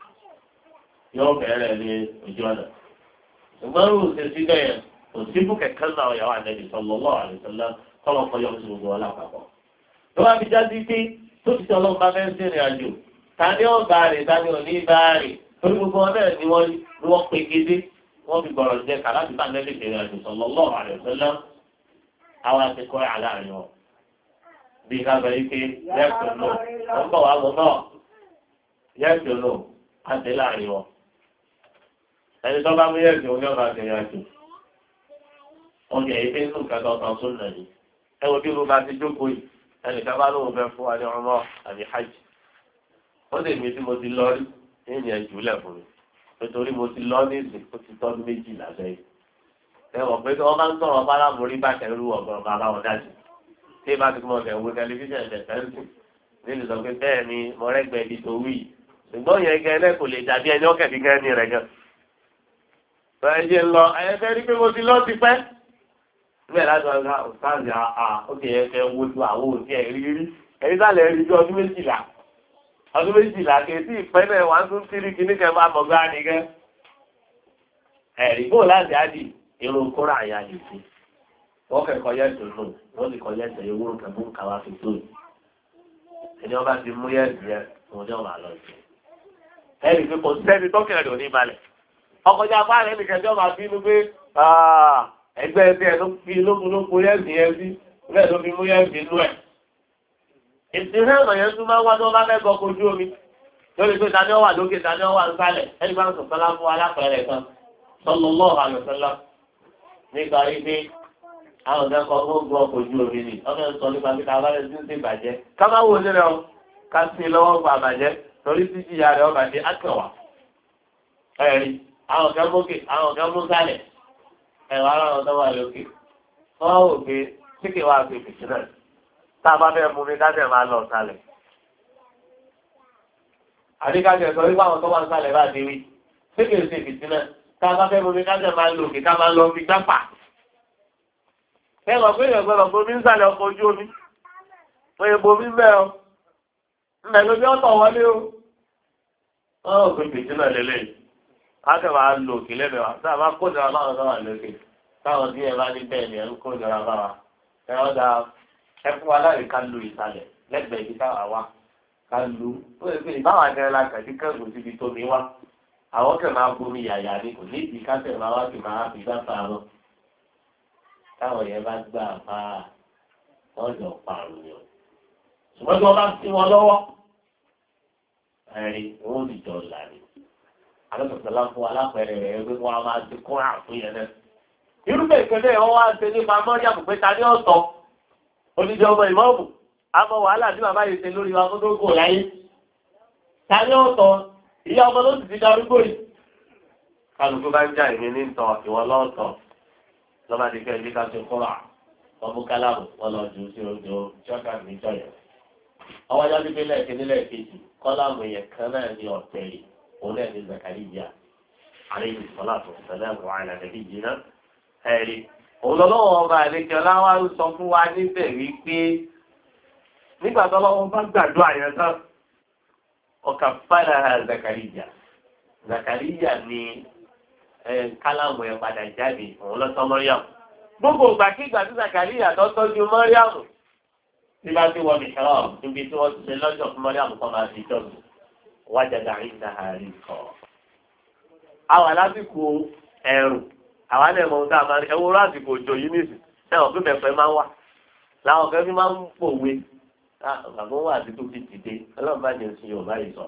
yóò bẹ̀rẹ̀ ní ojú ọ̀nà. ṣùgbọ́n rú ṣe sí bẹ́ẹ̀ kò sí bùkẹ̀ kẹ́lá ọ̀yàwó àdẹ́bí sallallahu alaihi wasallam kọ́lọ̀ kọ́ yọ̀ọ́ sí gbogbo ọlá àpapọ̀. ló wá fi já sí pé tó ti sọ bá fẹ́ sí ìrìn àjò ta ni ó bá rè ta ni ò ní bá rè torí gbogbo wọn bẹ́ẹ̀ ni wọ́n ni wọ́n pe gidi wọ́n fi gbọ̀rọ̀ jẹ kàláàbí bá nẹ́bí ìrìn àjò sallallahu alaihi wasallam àwọn akẹ́kọ̀ọ́ àláàrin wọn. bí ká bẹ ike yẹ́sùn lò wọ́n bọ̀ wá lọ náà yẹ́sùn lò àti láàrin wọn ẹni tó bá múyẹ̀ jù ní ọ̀nà àjẹyà jù ọjà ìpè nínú kẹtọ kan tó nà yìí ẹ bí mo bá ti jókòó yìí ẹnì kan bá lóun fẹ́ fún wa ní ọmọ àbí hajj ó lè mi tí mo ti lọ rí ní ìyẹn jùlẹ̀ fún mi nítorí mo ti lọ ní ìsìn ó ti tọ́dún méjì lábẹ́ yìí ẹwọ̀n pé tí wọ́n bá ń tọ̀rọ̀ bá láborí bá tẹ̀rù ọ̀gbọ̀n bá bá wọn dájú tí bá ti mọ̀ ọ̀dẹ̀ wo tẹlifíṣàn ẹ̀dẹ̀ nílùú sọ pé bẹ́ẹ̀ ni mo rẹ́gbẹ̀ẹ́ tó wí ṣùgbọ́n yẹn gẹ́gẹ́ kò lè dàbí ẹni ọ̀kẹ́ ẹ̀yẹ lọ ẹ̀yẹ́fẹ́ rí pé mo ti lọ ti pẹ́ bẹ́ẹ̀ láti ọ̀gá ọ̀sáàdì àà ókè ẹ̀kẹ́ wojú àwọ̀ òsì ẹ̀rí rí ẹ̀rí sàlẹ̀ rí ju ọdún méjìlá ọdún méjìlá kèsì ìpẹ́ náà wà ń tún sí rí kíní kẹfà mọ̀gá nìkan ẹ̀rí bó láti àdì irun kóra àyà nìkan wọ́n kẹ́ kọjá ìṣòro wọ́n sì kọjá ìṣòro ewúro kẹ́kọ̀ọ́ kàwá fi tó ẹni ọba ti mú yẹ́ẹ̀dì rẹ̀ wọ́n jọ́ ọkọjá apá rẹ̀ nìkan jọ máa bínú pé ẹgbẹ́ ẹgbẹ́ ẹ̀ ló fi lókun ló kó yẹ́sì yẹn sí bẹ́ẹ̀ ló fi mú yẹ́sì inú ẹ̀. ìsinmi ọ̀nà yẹn tún máa ń wá tí wọ́n bá fẹ́ gbọ́ kojú omi lórí pé tani ọwà lókè tani ọwà nsàlẹ̀ ẹni bá ń sọ̀tọ́ láfún alápẹ̀rẹ̀ kan sọ́nù lọ́ọ̀ àlùfẹ́lá nípa ibi àwọn ọ̀gá kan ó gbọ́ kojú omi ni ọmọ ẹ̀ sọ nípa pé ká bá rẹ̀ sí ti bàjẹ́ ká má wo nílẹ̀ o ká sí lọ́wọ́ gba bàjẹ́ àwọn kan mókè àwọn kan mókàlẹ̀ ẹ̀wà ara wọn tó wà lókè wọ́n wò pé síkè wà pé fìtínà tá a bá fẹ́ mú mi káṣẹ̀ máa lọ sálẹ̀ àdíkáṣẹ̀ sọ wípé àwọn tó wà sálẹ̀ bá ti wí síkè ṣe fìtínà tá a bá fẹ́ mú mi káṣẹ̀ máa lòkè ká máa lọ fi gbápà ẹ̀rọ pé ìrẹ̀gbọ́n lọ bomi ń sàlẹ̀ ọkọ̀ ojú káàkiri wa lo òkè lẹ́bẹ̀ẹ́ wa tá a bá kó nira báwọn náà lókè táwọn tí ẹ bá ní bẹ́ẹ̀ ni ẹ ń kó nira báwa ẹ ọ́ da ẹ fún wa láì ká lu ìsàlẹ̀ lẹ́gbẹ̀ẹ́ ibi táwa wà ká lu ó lè fi ìbáwọn akẹ́rẹ́ la kàdí kẹ́gùn síbi tó mi wá àwọn kẹ̀ máa bomi yàyà ni kò ní ìdí kásẹ̀ máa wá sí máa fi bá lọ táwọn yẹn bá gbà bá ọ̀dọ̀ pàrọ̀ ṣùgbọ́n tí wọ́n bá ti wọn lọ́wọ́ alọ́sọ̀tàlá fún alápẹ̀rẹ̀ rẹ̀ pé wọ́n á máa ti kó rà fún yẹn náà. irúfẹ́ ìpínlẹ̀ wọn wá ṣe nípa mọ́ríàmù pé ta ní ọ̀tọ̀ oníjẹ ọmọ ìmọ̀ọ̀mù àmọ́ wàhálà tí bàbá yìí ṣe lórí wa tó kò láyé. ta ní ọ̀tọ̀ ìyá ọmọ ló sì ti darúgbó yìí. kálukú bá ń já èmi ní ìtọ̀ ìwọ lọ́ọ̀tọ̀ lọ́ba ti fẹ́ yíká ṣe kó rà òun náà ní Zakariya alayhi salatu wassalam ala nabiyyina ẹ̀rí òlọ́lọ́wọ́ ọba àlejò ọláwá ń sọ fún wa níbẹ̀ wípé nígbà tó lọ́wọ́ bá gbàdúrà yẹn tán ọkà fàdà Zakariya Zakariya ni kálámù ẹ̀ padà jáde òun lọ́tọ́ mọ́ríàmù gbogbo ìgbàkígbà tí Zakariya tó tọ́jú mọ́ríàmù tí bá ti wọ mìíràn níbi tí wọ́n ti ṣe lọ́jọ́ fún mọ́ríàmù kan máa fi jọ́sìn wájàdà ìta àrí kọ. àwọn alásìkò ẹ̀rùn àwọn alẹ́ mọ̀ a máa rí ẹwọ́ lásìkò òjò yìí nìsí ẹ̀wọ̀n pé mẹ̀fẹ́ máa ń wà láwọn kan fi máa ń pòwe ah, bàbá wà àti tó fi dìde ọlọ́run bá jẹ́ sí yorùbá yìí sọ.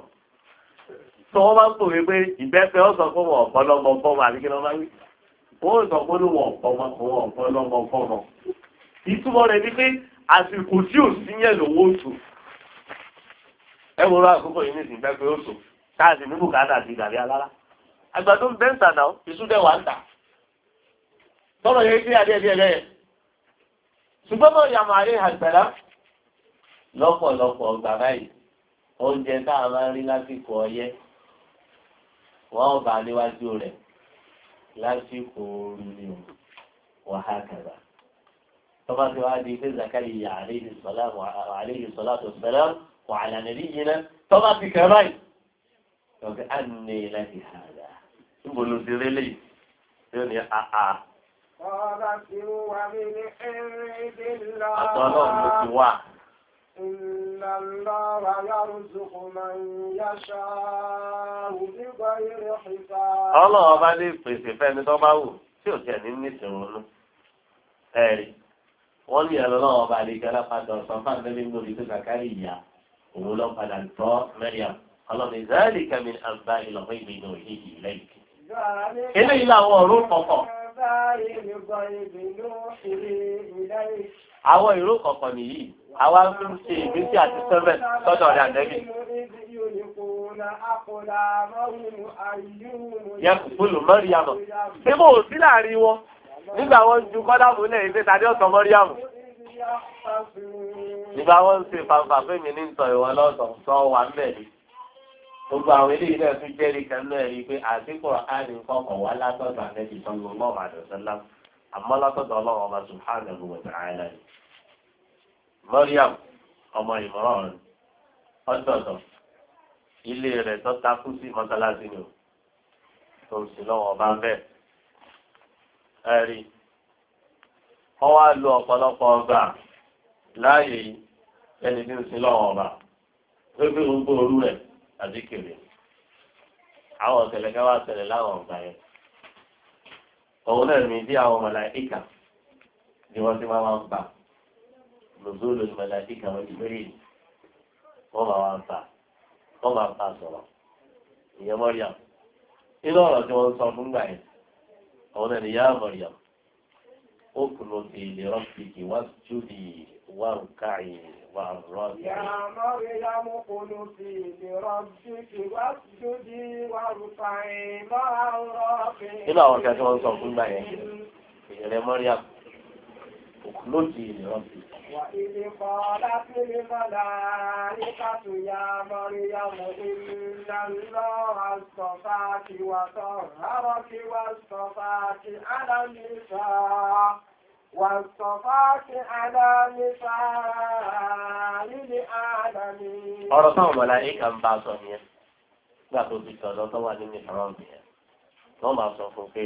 tó wọ́n máa ń pòwe pé ìbẹ́fẹ́ ó sọ fún wọn ọ̀pọ̀lọpọ̀ fọ́ọ̀mù àbí kí wọ́n máa wí. wọ́n sọ fún wọn ọ̀pọ̀lọpọ̀ fọ́ọ̀mù ìtumọ̀ rẹ̀ ni ẹ wo àkókò yìí nìsín bẹ́ẹ̀ pé ó sùn káàsì ní bùkátà ti dàbí alára àgbàdo ń bẹ́ǹtà náà ìsúdẹ̀ wà ń tà tọ́rọ̀ yẹn sí adé ẹ̀dí ẹ̀lẹ́yẹ ṣùgbọ́n mọ̀ ìyàmọ̀ àrí àgbẹ̀lá lọ́pọ̀lọpọ̀ ọgbà báyìí oúnjẹ tá a máa ń rí lásìkò ọyẹ́ wọ́n bá níwájú rẹ̀ lásìkò ooru ni o wàhákàrà tọ́ba tí wàá di pé zakari yà àlejò sọ́lá tó sẹ́lẹ̀ وعلى نبينا طبعا في كمان وكأني لك هذا نقول له لي يعني آآ قالت هو من عند الله إن الله يرزق من يشاء بغير حساب الله ما لي في فين ده ما هو شو كان النسون ẹ̀rí wọ́n الله ẹ̀rọ náà ọba àdìgẹ́lá padà ọ̀sán fáńdẹ́lẹ́ lórí tó kàkárí ìyá òun lọ padà tọ́ Maryam ọlọ́ni zalika min àbá ìlọ́wọ́ ìgbìnà òyìnbí lẹ́yìn. eléyìí làwọn ọ̀rọ̀ kọ̀kọ̀. Àwọn ìró kọ̀kọ̀ nìyí, àwa ń ṣe ìgbésí àti sẹ́fẹ̀ sọ́dọ̀ ọ̀dà nẹ́bí. Yẹ́kùnkúlù Mọ́ríyàmù. Ṣé mo sí láàrin wọn? Nígbà wọn ju kọ́dà múlẹ̀ ìgbésàdé ọ̀tọ̀ Mọ́ríyàmù nígbà wọ́n ń ṣe fanfà pé mi ní sọ ìwọ lọ́sọ̀ sọ wà ń bẹ̀ ni gbogbo àwọn eléyìí náà tún jẹ́rìí kan náà rí i pé àdínkù àárín kọkọ̀ wá látọ̀dọ̀ ànẹ́bí sọ́nù ọlọ́run àdọ̀sẹ́lá àmọ́ látọ̀dọ̀ ọlọ́run ọba subhanahu wa ta'ala ni. Mariam ọmọ ìmọ̀ràn ọ̀dọ̀dọ̀ ilé rẹ̀ tó takú sí mọ́sálásí ni ò tó ń lọ́wọ́ ọba ń bẹ̀ ẹ̀rí wọ́n wá lo ọ̀pọ̀lọpọ̀ ọba láàyè ẹni tí ń sin lọ́wọ́ ọba tó fi gbogbo orú rẹ̀ àti kèrè àwọn ọ̀sẹ̀lẹ̀ kan wá ṣẹlẹ̀ láwọn ọ̀gbà yẹn òun náà ní bí àwọn màláíkà ni wọ́n ti máa ń bà lòzólò màláíkà wọn ìgbéré wọ́n máa ń bà wọ́n máa ń bà sọ̀rọ̀ ìyẹn mọ́ríà nínú ọ̀rọ̀ tí wọ́n sọ fún gbà yẹn òun náà ní yá mọ́ríà. اقلب لربك واسجدي واركعي واركعي يا مريم اقلبي لربك واسجدي واركعي مع الراكعين. إلى أن تكون صوت المعين. إلى مريم lójì ìrántí. وإذ قالت الملائكة يا ń bá a sọ nìyẹn nígbà tó fi tọ̀dọ̀ tó wà nínú ìfọ̀rọ̀ nìyẹn wọ́n máa sọ fún pé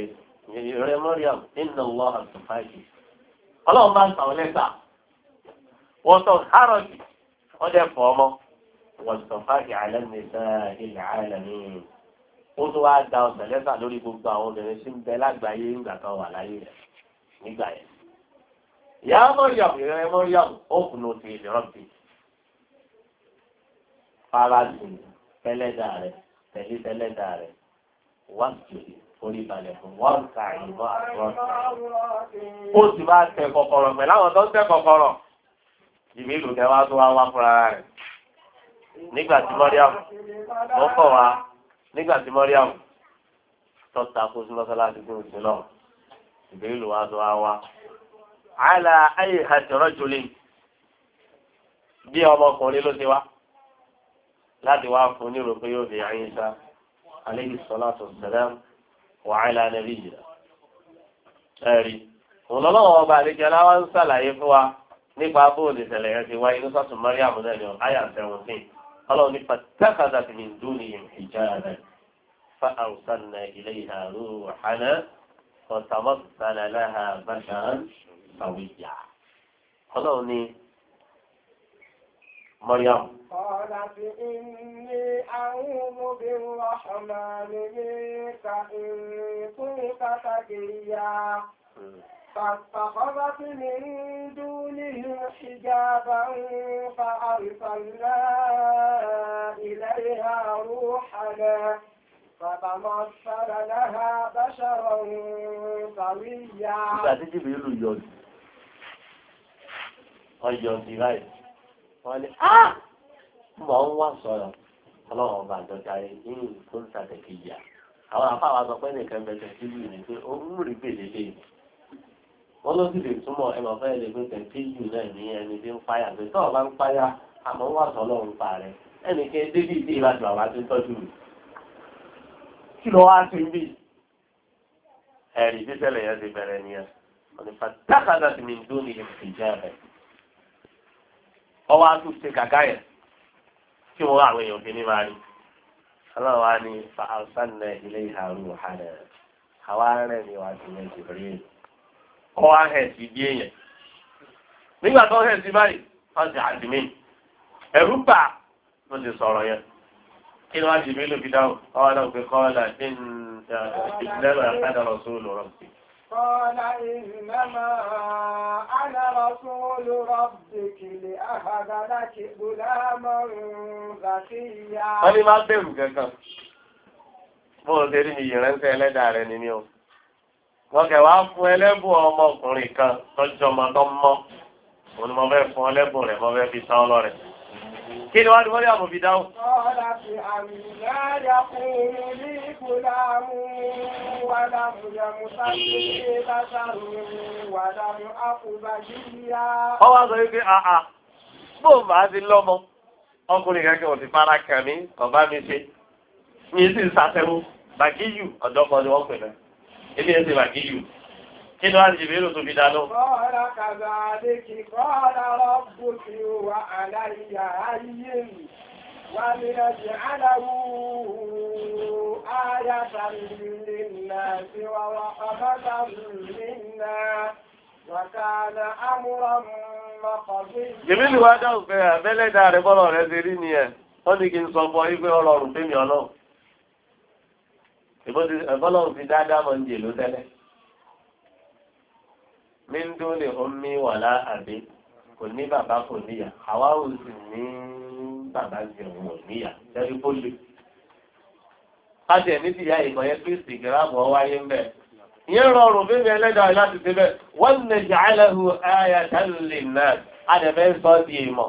ìrẹ́ mọ́ríàm nínú wọ́n ọlọ́run bá ń tàwọn lẹ́sà wọ́n sọ hárọ̀dì wọ́n dẹ̀ fọ́ ọmọ wọ́n sọ fáàkì alẹ́mẹsà ilẹ̀ alẹ́mí ó tún wá da ọ̀sẹ̀ lẹ́sà lórí gbogbo àwọn obìnrin sí ń bẹ lágbàáyé nígbà kan wà láyé rẹ̀ nígbà yẹn. ìyá mọ́ríyàmù ìrẹ́ mọ́ríyàmù ó kùnà òtún ìlẹ̀ rọ́bì farasin tẹ́lẹ́dà rẹ̀ tẹ́lẹ́dà rẹ̀ wá jòlè orí balẹ̀ fún wọ́n ta ìbá àtúrọ̀tà. Ó sì máa tẹ kọ̀kọ̀rọ̀ pẹ̀lú àwọn tó ń tẹ kọ̀kọ̀rọ̀. Jìbìlù tẹ wá tó wá wá fúnra rẹ̀. Nígbà tí Mọ́ríàm ó kọ̀ wá nígbà tí Mọ́ríàm tó ta kó sí mọ́sálásí tó ayé àtẹ̀rọ̀ jòlè bí ọmọkùnrin ló ti wá láti wá fún nírò pé yóò di àyíṣà. Alayhi salatu wassalam wàhálà nàbí yìí ẹ̀rí ọlọ́lọ́wọ́ ọba àlejò aláwa ń sàlàyé fún wa nípa bóòlù ìṣẹ̀lẹ̀ yẹn ti wá inú sọ́tù mariam náà ni àyà seventeen ọlọ́run nípa tákàdá ti ní dúnì ìjáde fa àwùsànà ilé ìhàrú wàhálà ọ̀tàmọ́sànà aláha bàṣán sàwíyà ọlọ́run ní mariam. قالت إني أعوذ بالرحمن منك إن كنت تقيا فاتخذت من دونه حجابا فأرسلنا إليها روحنا فتمثل لها بشرا سويا. Ọjọ́ ti ráì. Wọ́n lè, ah! mọ̀ ń wà sọ̀rọ̀ ọlọ́run ọba àjọta rẹ̀ tó ń sàtẹ̀kì ìyà àwọn afáwa sọ pé nìkan bẹ̀rẹ̀ sílù ní pé ó ń rí gbèlè lè wọ́n ló sì lè túmọ̀ ẹ̀mọ̀ fẹ́ lè pé tẹ̀sí náà ní ẹni tí ń páyà pé tọ́ọ̀ bá ń páyà àmọ́ wà sọ́lọ́ ń pa rẹ̀ ẹnì kan débì tí ìlàjọ àwọn àti tọ́jú rẹ̀ kí lọ wá sí bí ẹ̀rí títẹ̀lẹ̀ yẹn ti bẹ̀rẹ̀ nìyẹn ọ̀nì fàtàkàdà ti mi dún ní ìfìjà rẹ̀ ọwọ́ kí wọ́n àwọn èèyàn kìíní máa rí ọlọ́run wa ní fàáṣánná ilé ìhàrú hànà àwa rẹ̀ ni wàá ti yẹn jìbìrì kọ́ wá hẹ̀ sí bí èèyàn nígbà tó hẹ̀ sí báyìí wọ́n ti àdìmí ẹ̀rú bà ló ti sọ̀rọ̀ yẹn kí ni wàá jìbìrì ló fi dáhùn ọwọ́ náà pé kọ́ ọ́ قال إنما أنا رسول ربك لأهب لك غلاما زكيا wọ́n ní máa bẹ̀rù kankan bó o ṣe rí mi ìrẹsẹ̀ rẹ ni mí o wọ́n kẹ̀ wá fún ẹlẹ́bùn ọmọkùnrin kan tọ́jú ọmọ mọ́ òun ni mo fẹ́ fún ẹlẹ́bùn rẹ̀ mo fẹ́ fi tán ọlọ́rẹ̀ kí ni wá ní mọ́ríàmù fi dáhùn. ọwọ́ sọ wípé àà bó bá ti lọ́mọ ọkùnrin kankan ò ti fara kàn mí ọba mi ṣe mi sì ń sàtẹ́wó bàkíyù ọ̀dọ́kọ ni wọ́n pè náà èmi ẹ̀ ṣe bàkíyù kí ló wá jìbí ìlú tó fi dá ló. Kọ́ọ̀lá kàzà wá dá òfin àbẹ́lẹ́dà rẹ̀ bọ́lọ̀ rẹ̀ ṣe rí ni ẹ̀, wọ́n ní kí n sọ fún ọ wípé ọlọ́run fẹ́mi ọlọ́run. Ìbọn ti dáadáa mọ̀ ń jè ló tẹ́lẹ̀ míndó lè omi wàlá àbí kò ní bàbá kò níyà àwa ò sì ní bàbá jẹ òun ò níyà lẹ́rí kó lè. káṣí ẹ̀mí ti ya ìgbọ̀n yẹn kí ìsìnkìrámù ọwáyé ń bẹ̀. ìyẹn rọrùn bí mi ẹlẹ́dàá láti ṣe bẹ́ẹ̀ wọ́n lè jẹ́ àìlẹ́hu ẹ̀yà tẹ́lẹ̀ náà adẹ̀fẹ́ sọ di ìmọ̀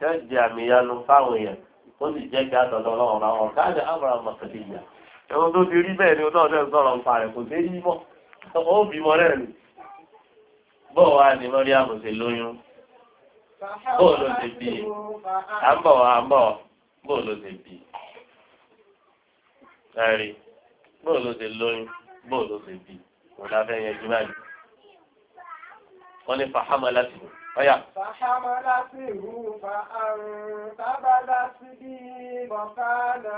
tẹ́ jẹ́ àmì ìyanu fáwọn èèyàn ó sì jẹ́ kí àtọ̀dọ̀ ọlọ́run ra ọ̀ká àdẹ bóò wá ní mọ́ríàmù ṣe lóyún bóò ló ṣe bí i à ń bọ̀ wá ń bọ̀ bóò ló ṣe bí i ẹ̀rí bóò ló ṣe lóyún bóò ló ṣe bí i kò láfẹ́ yẹn jù báyìí wọ́n ní fàhámà láti wò ọ̀yà. fàhámà láti wù fà àrùn tábàlá sí bí bọ̀kánà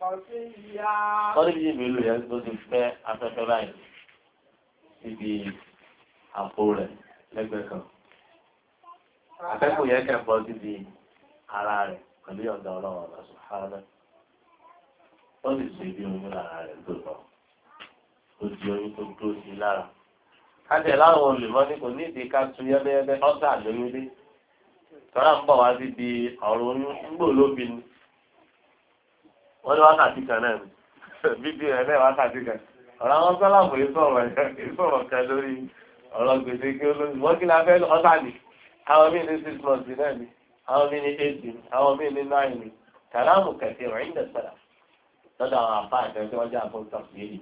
kọ̀ sí ìyá. wọ́n ní bí ìlú yẹn tó ti fẹ́ afẹ́fẹ́ báyìí àpò rẹ̀ lẹ́gbẹ̀ẹ́ kan akẹ́kọ̀ọ́ yẹn ara rẹ̀ pẹ̀lú ọ̀dà ọlọ́run ọ̀dà sùhánà ó sì ṣe bí oyún lára rẹ̀ tó lọ ó di oyún tó dúró sí lára láwọn olùmọ́ ní kò ká tu yẹ́bẹ́yẹ́bẹ́ ọ́sà tọ́lá ń bọ̀ wá ní wákàtí kan náà ẹ̀ náà ọ̀rọ̀ gbèdéke olóyún wọ́n kí la fẹ́ ọ̀tá ni àwọn míì ní six months náà ni àwọn míì ní eight ni àwọn míì ní nine ni kàlámù kẹfì rìn dẹ̀sẹ̀lá lọ́dọ̀ àwọn apá àti ẹgbẹ́ wọn jẹ́ àfọ́ńtà fìyèlì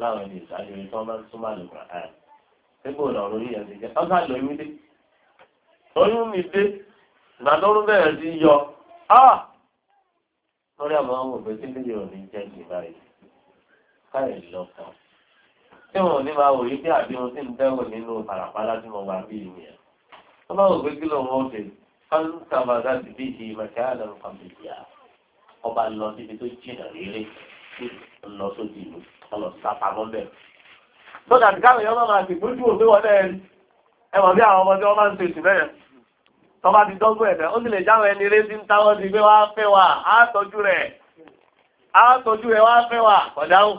láwọn ènìyàn ìsájú ní tí wọ́n bá ń súnmọ́ àlùkò àyà síbò lọ́rọ̀ yìí ẹ̀ ti jẹ́ ọ̀tá lóyún dé oyún mi dé ìgbàdọ́rún bẹ̀rẹ̀ sí yọ ah! lórí àwọn ọmọ òbí tí òní jẹ́ ìgbà yìí káyọ̀ lọ́kàn tí wọn ní máa wòye bí àbí wọn sì ń dẹ́wọ̀ nínú pàràpàlà tí wọn bá bí ìyẹn wọn bá wò pé kí lóun ó ṣe fáńtàbàdà ti bí ìṣe ìmọ̀ṣẹ́ àdàlù kan ọba lọ síbi tó jìnà réré lọ sódì ìlú ọlọ sápamọ́ bẹ́ẹ̀. lọ́dà tí káwọn èèyàn máa ti gbójú òfin wọn náà ẹ mọ̀ bí àwọn ọmọ tí wọ́n máa ń ṣe ìsìn bẹ́ẹ̀ tọ́ba ti dọ́gbọ́ ẹ̀fẹ́ ó sì lè jáwọ́ ẹni eré sí ń táwọn ti gbé wá fẹ́ wà á tọ́jú rẹ̀ á tọ́jú rẹ̀ wá fẹ́ wà kọ̀dáhùn.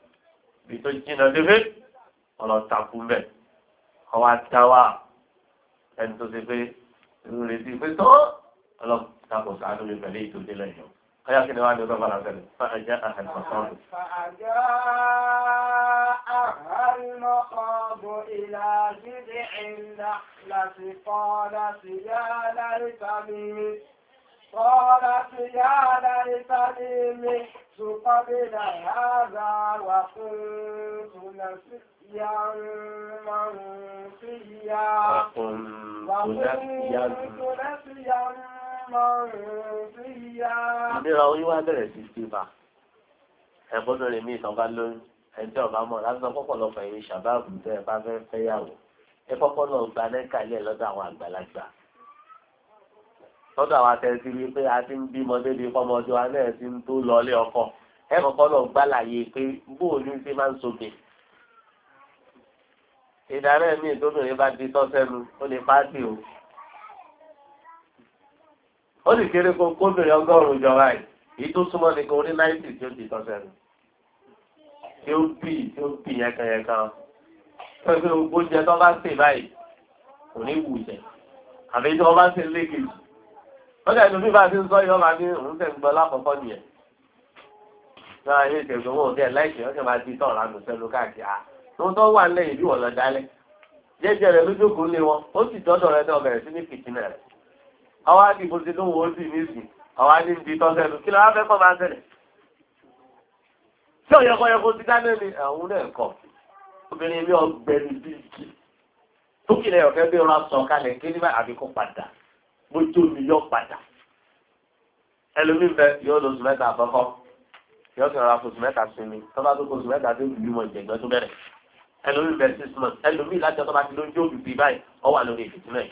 ètò jìnnà léfé ọ̀nà takú mẹ́ ọwọ́ àtàwà ẹni tó ṣe pé irú rẹ̀ sí pé tọ́ ọlọ́run takò sàánú mi pẹ̀lú ètò ìdílé yìí ọ̀yá kí ni wàá ní ọjọ́ bá làásẹ̀ lẹ̀ fún ẹja àhàlùmọ̀kọ́ọ̀dù. fàájà àhàlùmọ̀kọ́ọ̀dù ìlà قالت يا ليتني مت قبل هذا وكنت نسيا منسيا وكنت نسيا منسيا ìdíra orí wá bẹ̀rẹ̀ sí sí bá ẹ̀gbọ́n rẹ̀ mí ìtàn bá lóyún ẹ̀jẹ̀ ọ̀bá mọ̀ láti sọ pọ̀pọ̀lọpọ̀ ẹ̀yìn ṣàbáàbù tẹ́ ẹ bá fẹ́ fẹ́yàwó ẹ kọ́kọ́ lọ gba nẹ́ka ilé lọ́dọ̀ àwọn àgbàlagbà lọ́dọ̀ àwọn atẹ́sí rí pé a ti ń bímọ débi fọmọ ọjọ́ wa náà ti ń tó lọlé ọkọ ẹ kọ́kọ́ lọ gbàlàyé pé bóòlù ṣe máa ń soge. ìdarí ẹ̀mí ìdóbìnrin bá di tọ́sẹ́nu ó lè pàṣẹ o. ó sì kéré kó kóbìnrin ọgọ́rùn-ún jọra ẹ̀ èyí tó súnmọ́ ni kò rí náìtì tí ó di tọ́sẹ́nu. tí ó bì tí ó bì yẹkanyẹkan. pé pé oúnjẹ tó bá sè báyìí kò ní wù wọ́n dẹ̀ lórí ti ń sọ yọ máa ní òun tẹ̀ ń gbọ́ lákọ̀ọ́kọ́ nìyẹn náà yé ìtẹ̀gbọ́n wọn tẹ̀ láìsí ọ̀kẹ́ máa di tọ̀ọ̀rọ̀ àmì sẹ́nu káàkiri à tó tó wà nílẹ̀ ìlú ọ̀nà dálẹ̀ jẹ́jẹ́ rẹ̀ lójókòó lé wọn ó sì tọ́jọ́ rẹ̀ náà bẹ̀rẹ̀ sí ní kìtìnà rẹ̀ àwa ti bó ti lóhùn ó sì ní ìsìn àwa ní ibi tọ́sẹ̀lú kí lọ́wọ́ fẹ́ kọ́ máa bójú mi yọ padà ẹlòmíì bẹ yóò lọ oṣù mẹ́ta àkọ́kọ́ yóò sì rọra oṣù mẹ́ta sinmi tọ́ba tó oṣù mẹ́ta tó bìbí mọ̀ ìjẹ̀gbẹ́ tó bẹ̀rẹ̀ ẹlòmíì bẹ six months ẹlòmíì láti ọtọ́ bá ti lójú òbí báyìí ọ wà lórí ìfìtì náà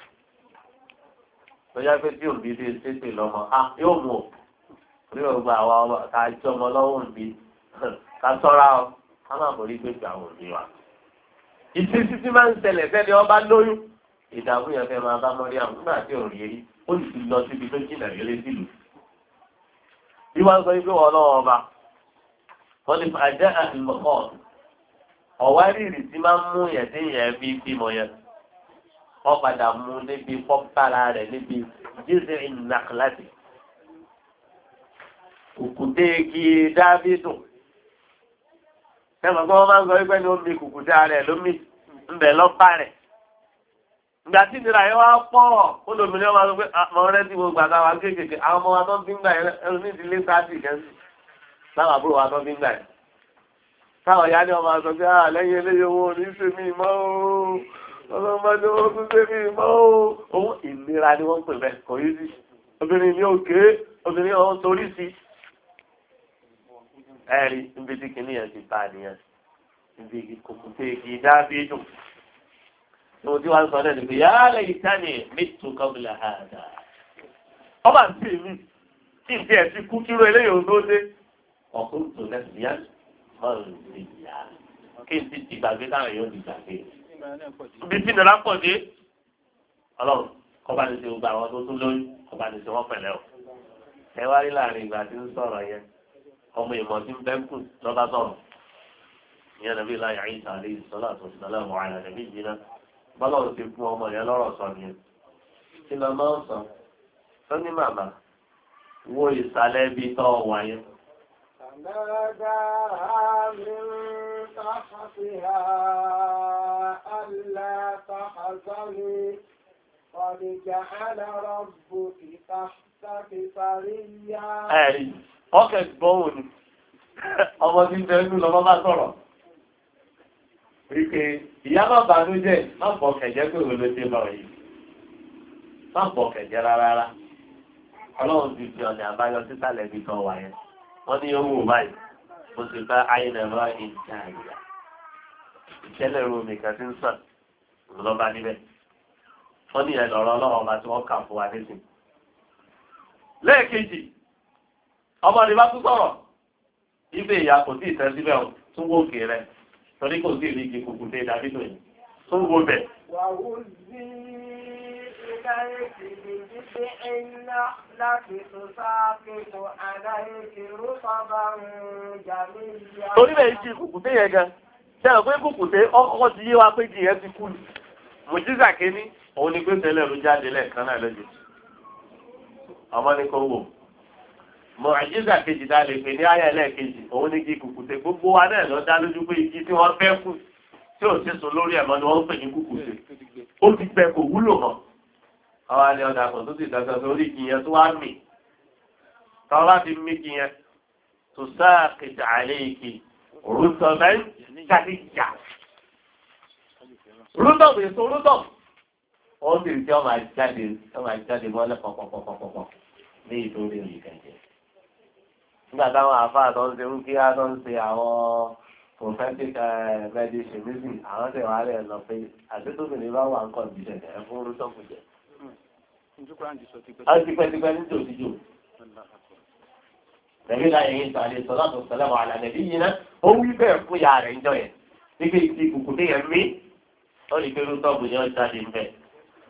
lọ́jà pé tí òbí ti ṣe ṣe lọ́mọ a ah, yóò mú o orí ọgbà àwa ọmọ ká jọ ọmọ lọ́wọ́ òbí ká sọ́ra ọ ká má borí pé gbà òbí wa ìṣesí tí máa ń ṣẹlẹ̀ fẹ́ni ọba lóyún ìdààmú yẹn fẹ́ máa bá mọ́rí àwọn nígbà tí òun yẹrí ó sì ti lọ síbi tó jìnà yẹlé sílùú. bí wọ́n sọ wípé wọ́n lọ́wọ́ ọba wọ́n ní àjẹ́ àlùmọ́kọ́ ọ̀wá rírì tí máa ń mú yẹn tí yẹn fi bímọ yẹn wọ́n padà mú níbi pọ́pára rẹ̀ níbi jíze ìnàkìláṣì kùkùté kí dábìdù ṣé mọ̀ pé wọ́n máa ń sọ wípé ní omi kùkùté ara rẹ̀ lómi ń bẹ̀ lọ́pàá rẹ̀ ìgbà tí ìnira yẹn wá pọ̀ olómìnira wọn máa sọ pé àwọn ah, rẹ́tí wo gbàgbà wa kéékèèké àwọn ọmọ wa tó ń bí gbà yẹn ẹnu ní ìdílé sáàtì kẹ́sì táwọn àbúrò wa tó ń bí gbà yẹn táwọn ìyá ni wọn máa sọ pé à ah, lẹ́yìn eléyìí owó ní ṣe mí mọ́ o ọlọ́mọdé owó tún ṣe mí mọ́ o owó ìnira ni wọ́n pè bẹ́ẹ̀ kò yí sí obìnrin ní òkè obìnrin ọ̀hún torí sí ẹ̀rí níbi tí kìnìyàn ti bá nìyẹn níbi kòkòtò èkì dábìdùn tó tí wàá sọ náà nìgbè yálẹ̀ ìtàní mẹ́tò kọ́bìlà àdá. ọba ń pè mí kí n fi ẹ̀sìn kú kíró eléyìí ò tó dé. ọkùnrin tó lẹ́sìn yá ọ̀rùn ti yá kí n ti ti gbàgbé táwọn èèyàn ti gbàgbé. ibi tí nira pọ̀ dé ọlọ́run kọ́ba ní ti gbogbo àwọn tó tún lóyún kọ́ba ní ti wọ́n pẹ̀lẹ́ o. ẹ wá rí láàrin ìgbà tí ń sọ̀rọ̀ yẹn ọmọ ìmọ̀ tí ń bẹ́ńkù lọ́ba sọ̀rọ̀ ìyẹn nàbí láyé àyíká àlẹ́ bọ́lọ̀ ti fún ọmọ yẹn lọ́rọ̀ sọ nìyẹn kí lọ máa ń sọ tó ní màmá wo ìsàlẹ̀ ibi tọ́ wà yẹn. فناداها من تحتها ألا تحزني قد جعل ربك تحتك سريا. أي أوكي بون. أما دي بيقول لما ما صرف. wípé ìyá má bàánú jẹ́ má bọ̀ kẹ̀jẹ́ pé wo ló dé bá yìí má bọ̀ kẹ̀jẹ́ rárá ọlọ́run ti fi ọ̀nà àbáyọ sísàlẹ̀ ibi kan wà yẹn wọ́n ní owó báyìí mo sì bá ayélujára ìjà ìyá ìṣẹ̀lẹ̀ romi kan ti ń sàn lọ́ba níbẹ̀ wọ́n ní ẹ̀lọ́ ọ̀rọ̀ ọlọ́run ọba tí wọ́n kà fún wa nísìn lẹ́ẹ̀kejì ọmọ tún torí kò sí ìlú igi kùkù dé dàbí lòyìn tó ń wo bẹ̀. torí bẹ́ẹ̀ igi kùkù dé yẹn gan ṣe àwọn pé kùkù dé ọkọ̀ ti yé wa pé jì yẹn ti kú ni mùjísà kínní òun ni pé tẹ́lẹ̀ ló jáde lẹ́ẹ̀kan náà lójú ọmọ ní kò wò mọ̀ọ́jísà kejì tá a lè pè ní ayé ẹlẹ́ẹ̀kejì òun ní kí kùkùté gbogbo wa náà lọ dá lójú pé igi tí wọ́n fẹ́ kù tí ò sí sun lórí ẹ̀mọ́ ni wọ́n ń pè ní kùkùté ó ti pẹ́ kò wúlò mọ́ àwa ni ọ̀dà kan tó ti dàgbà sórí igi yẹn tó wá mì táwọn bá ti mí igi yẹn tó sáà kejì àlẹ́ igi rúntọ̀ mẹ́rin kárí jà rúntọ̀ èso rúntọ̀ ó sì ń tí ọmọ àjáde ọmọ àjáde mọ́lẹ̀ pọ̀pọ̀pọ̀pọ̀ ní ìtorí ìkẹjẹ nígbà táwọn àfa àtọ́ ń ṣe rúkìá tó ń ṣe àwọn prophetic eh, medicine àwọn tẹ̀ wàá rẹ̀ lọ pé àtẹ́tòbìnrin bá wà ń kọ́ ìbílẹ̀ ẹ̀ fún rúṣọ́kù jẹ. a ti pẹ́tipẹ́ ní tòṣìjò. Tẹ̀lé láyé yín sọ àlẹ́ sọ́lá tó sọ́lá wà lálẹ́ bí yín náà ó wí bẹ́ẹ̀ fún ìyá rẹ̀ ń yẹn níbi ìdí kùkù tó yẹn mí ó lè gbé rúṣọ́kù yẹn jáde ń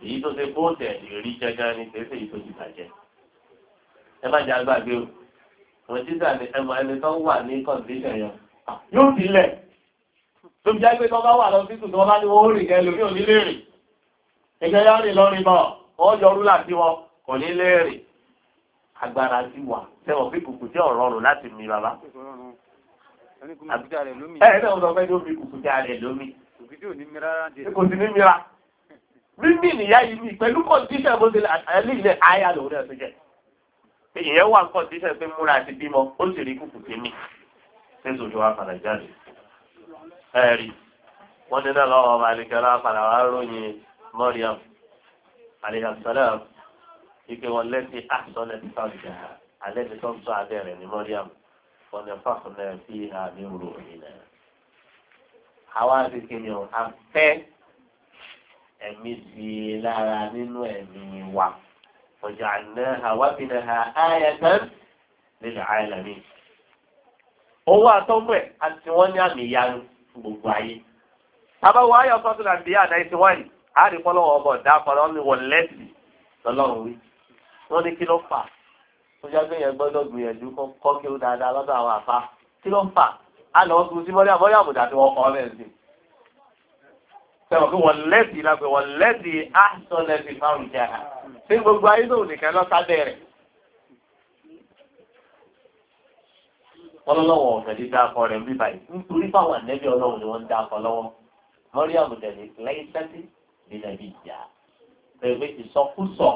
èyí tó ṣe bóòtẹ̀ ìrí jẹjẹrẹ ní tẹ̀sí èyí bàjẹ́ ẹ má jẹ́ àgbàgbé mọ̀jísà ni ẹmọ ẹni tó wà ní kọ̀ǹdíṣẹ̀ yẹn yóò ti lẹ̀ tó jẹ́ pé tọ́ bá wà lọ títù tó bá ní wọ́n rìn ẹlò ní òní léèrè ẹgbẹ́ yá rìn lọ́rin bọ̀ wọ́n yọ rúlà sí wọn kò ní léèrè agbára sí wà tẹ́wọ̀n fi kùkù jẹ́ ọ̀rọ̀ rùn láti mi bàbá. ẹ̀ẹ́dẹ̀ wọn sọ fẹ́ ló fi kùkù jẹ́ alẹ̀ lómi. kò sí ní mira mímì nìyá yìí mi pẹ̀lú kọ̀ǹdíṣẹ̀ bó ti lẹ̀ àyà ìyẹn wà nǹkan tí sẹ́ẹ̀ pé múra àti bímọ ó sì rí kùkù tí mi ṣéṣù tó wà padà jáde ẹ̀rí wọ́n ní náà lọ́wọ́ ọba àlejòlá padà wá ròyìn Maryam àlejòsọ́lẹ̀ ike wọn lẹ́sí àṣọlẹ̀ sọ́jà alẹ́ ti tó ń sọ abẹ́ rẹ̀ ní Maryam wọn ní fàkùnlẹ̀ fi àmì rò nílẹ̀ àwa ti kéde ọ̀hún afẹ́ ẹ̀mí sí i lára nínú ẹ̀mí wa. وجعلناها وابنها آية للعالمين owó àtọ́mú ẹ̀ àti wọ́n ní àmì ìyanu gbogbo ayé abáwọ̀ ayọ̀ sọ́tún àti ìyá àdáyé ti wáyé àríkọ́lọ́wọ́ ọbọ̀ dákọ̀ọ́lọ́ ní wọ́n lẹ́sì lọ́lọ́run wí wọ́n ní kí ló fà ó já pé yẹn gbọ́dọ̀ gbìyànjú kọ́ kí ó dáadáa lọ́dọ̀ àwọn àfa kí ló fà á lọ́ọ́ tún sí mọ́lẹ́ àbọ́lẹ́ àbùdá wọ́n kọ́ ọ́ lẹ́sì sẹ́wọ̀n pé wọ́n lẹ́sì lápẹ́ wọ́n áṣọ lẹ́sì ní gbogbo ayé lòun nìkan lọ́sábẹ́ rẹ̀. ọlọ́lọ́wọ́ ọ̀fẹ́ ti dákọ rẹ̀ bí báyìí nítorí fáwọn ànẹ́bí ọlọ́run ni wọ́n ń dákọ lọ́wọ́ mọ́ríàmù tẹ̀lé lẹ́yìn sẹ́tì ní nàbí ìjà pẹ̀lú ìsọkúsọ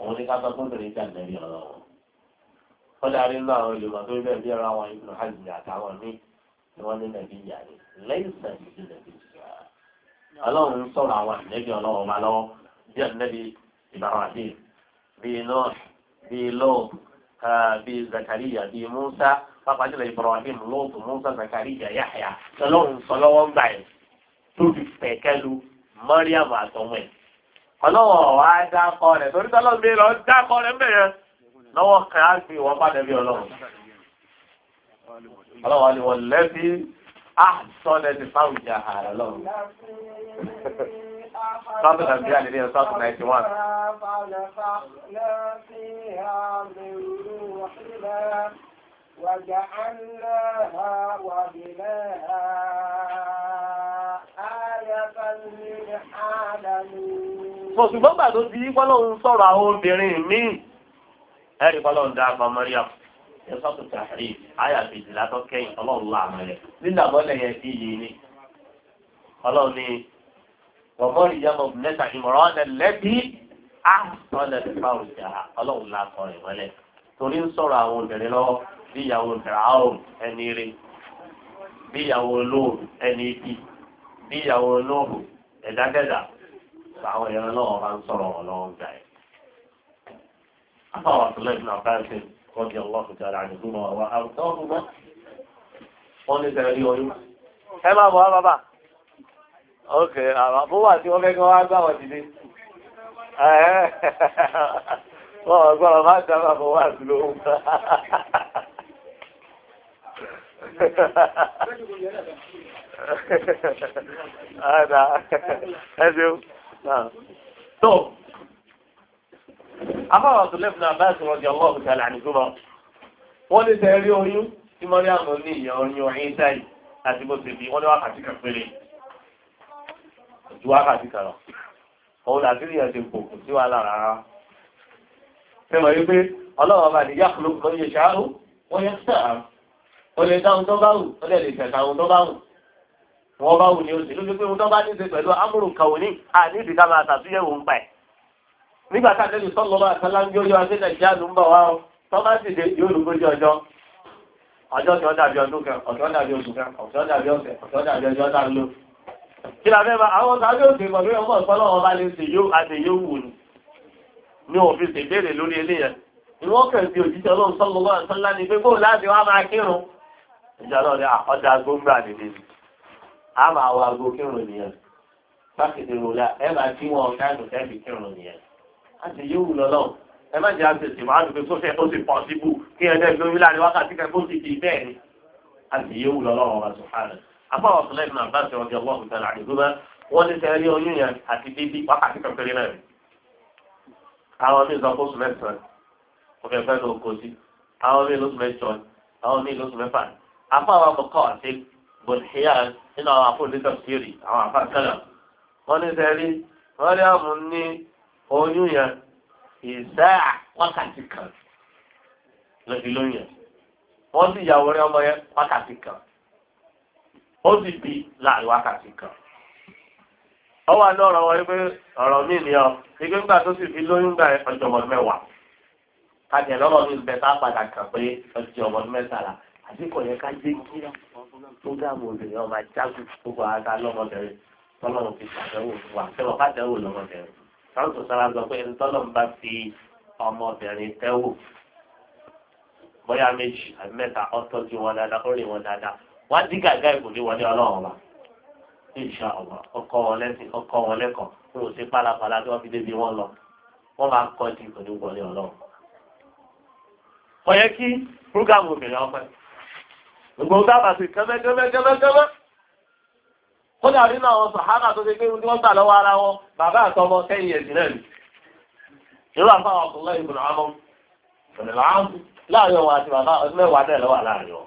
òun ní kápẹ́ tó bẹ̀rẹ̀ ìjà ànẹ́bí ọlọ́run. wọ́n darí nínú àwọn olùmọ̀ tó bẹ̀rẹ̀ bí ara wọn ibùdó hajj àtàwọn míì ni wọ́n ní nàbí ìjà ni lẹ́yìn sẹ́tì ní nàbí ìjà Ibrahim bíi Nuh bíi Lot bíi Zakariya bíi Musa pápá jùlọ Ibrahim Lot Musa Zakariya Yahya lọ́lọ́run sọ lọ́wọ́ ń gbà yẹn tó fi pẹ̀kẹ́lu Mariam àtọ̀wẹ̀ ọlọ́wọ́ wa dákọ̀ rẹ̀ torí tọ́lọ́ mi lọ dákọ̀ rẹ̀ mẹ́yẹn lọ́wọ́ kan á gbé wọn padà bí ọlọ́run ọlọ́wọ́ ni wọ́n lẹ́bí àtọ́lẹ̀ ah, ti fáwọn ìjà ààrẹ lọ́run. صادق الأنبياء الذين na 91 فنفخنا فيها من روحنا وجعلناها وبناها آية للعالمين ṣùgbọ́n gbà tó di pọ́lọ́run sọ̀rọ̀ àwọn obìnrin míì ẹ̀rí pọ́lọ́run dá ọmọ Maryam ẹ̀sọ́tò tààrí àyà fìdílà tó kẹ́yìn ọlọ́run láàmú rẹ̀ nígbàgbọ́ lẹ́yìn ẹ̀dí yìí ni ọlọ́run ni ومريم ابنة عمران التي أحصلت فرجها ọlọ́run la sọ rẹ̀ mọ́lẹ̀ torí ń sọ̀rọ̀ àwọn obìnrin lọ́wọ́ bí ìyàwó fìràhùn ẹni rí bí ìyàwó lóòrù ẹni ibi bí ìyàwó lóòrù ẹ̀dádẹ́dà àwọn èèyàn náà máa ń sọ̀rọ̀ wọn lọ́wọ́ gbà ẹ̀. afáwọn àtúnlẹ̀ ìbùnà báyìí wọ́n di ọlọ́run jára àdúgbò wọn àwọn àrùtọ́ ọ̀hún mọ́ wọ́n ní sẹ́rí oyún. ẹ má bọ̀ wá bàbá ok àwọn àbúwà tí wọ́n fẹ́kọ́ wá gbà wọ́n dìde wọ́n ọgbọ́n máa dábàá bọ̀ wá sí lóhùn Ada, ẹ a So, afọ́wọ́ Abdullahi bin Abbas radiyallahu ta'ala anhuma. Wọ́n ní sẹ́rí oyún tí Mọ́ríàmù ní ìyá oyún ọ̀hìn sáì àti bó ti bí wọ́n ní wákàtí kan péré ju wákàtí kan lọ òun làbírí yẹn kò kò sí wa lára rárá fẹ́mọ̀ yí pé ọlọ́wọ́ bá lè yàkùlù ló yẹ ṣáàrù wọ́n yẹ sáàrù ó lè dáhùn tó bá wù ó lè lè tẹ̀sà ohun tó bá wù wọ́n bá wù ní oṣù lójú pé ohun tó bá ní nígbà tá àtẹ́lẹ̀ sọ́lọ́ bá àtàlá ń yóò ṣe nàìjíríà ló ń bọ̀ wá ọ tó sì dé yóò lù gbójú ọjọ́ ọjọ́ tí ó dàbí ọdún kan ọ̀tọ́ dàbí oṣù kan ọ̀tọ́ dàbí ọ̀sẹ̀ ọ̀tọ́ dàbí ọjọ́ dàbí lóṣù kí la fẹ́ bá àwọn tàbí òkè pẹ̀lú ọmọ ìpọ́lọ́ wọn bá lè ṣe yóò àti yóò wù ní ní òfin ṣèbéèrè lórí eléyẹn ìwọ́n kẹ̀ sí òjíṣẹ́ ọlọ́run sọ́lọ́ wọn sọ́lá ní pé bó láti wá máa kírun ìjà lọ́ọ̀ni ọjà gbóngbà nìdí a máa wá agbó kírun nìyẹn mákèdè rọlá ẹ máa tí wọn ọ̀gáàdùn tẹ́ẹ̀fì kírun nìyẹn àti yóò wù lọ́lọ́ ẹ má jẹ́ àtẹ̀sí máa dùn pé sófẹ́ ó sì pọ̀ síbù kí ẹ dẹ́ gbé wíláàrin wákàtí kẹ́kọ̀ọ́ sì kì í bẹ́ẹ̀ ni àti yóò wù lọ́lọ́run wa afọwọ́ sọlá ibùdó àbá ṣe ọjọ́ ọgbọ́n òkúta làdì gbọ́mọ wọ́n ní sẹ́rí oyún yẹn àti bíbí wákàtí kan péré náà àwọn míì sọ fóṣù mẹ́sàn-án ọ̀fẹ́ fẹ́ ló kó sí àwọn míì lóṣù mẹ́jọ àwọn míì lóṣù mẹ́fà afọwọ́ kọ̀kọ́ àti bòlìṣíyà nínú àwọn afọ́lẹ́sọ̀ kiri àwọn afáàkàlà wọ́n ní sẹ́rí wọ́n rí àmú ní oyún yẹn ìṣá wákàtí kan lọ́fi yẹn wọ́n sì yàwó rẹ̀ ọmọ yẹn wákàtí kan ó sì bí láàrin wákàtí kan ọ wà ní ọ̀rọ̀ wọn wípé ọ̀rọ̀ míì ni ọ wípé ńgbà tó sì fi lóyún gbà ọjọ́ ọmọ mẹ́wàá kájẹ lọ́rọ̀ mi bẹ tá a padà kàn pé ọjọ́ ọmọ mẹ́tàlá àti kò yẹ ká dé kí tó dáàbò obìnrin ọmọ ajágun gbogbo ara lọ́mọbìnrin tọ́lọ́run fi ṣàtẹ̀wò wà fẹ́ràn fàtẹ̀wò lọ́mọbìnrin táwọn tó sára sọ pé ẹni tọ́lọ́run bá fi bóyá méjì àbí mẹ́ta ọ̀tọ́jú wọn dáadáa ó rìn wọn dáadáa wá dí gàgá ìkò ní wọlé ọlọ́run wa insha Allah ọkọ wọn lẹ́sìn ọkọ wọn lẹ́kọ̀ọ́ wọn ò sí pálapàla tí wọ́n fi débi wọn lọ wọ́n máa kọ́ di ìkò ní wọlé ọlọ́run. ọ̀yẹ́ kí púrógámù obìnrin ọpẹ́ gbogbo dábàá sí kẹ́mẹ́kẹ́mẹ́kẹ́mẹ́ kódà nínú àwọn sàhánà tó ṣe pé wọ́n gbà lọ́wọ́ ara wọn bàbá àtọmọ sẹ́yìn ẹ̀sìn náà ni ìlú àfáwọn ọkùnrin ìbùnà àmọ́ ìbùnà àmọ́ láàrin wọn àti bàbá ọdún mẹ́wàá náà lọ́wọ́ láàrin wọn.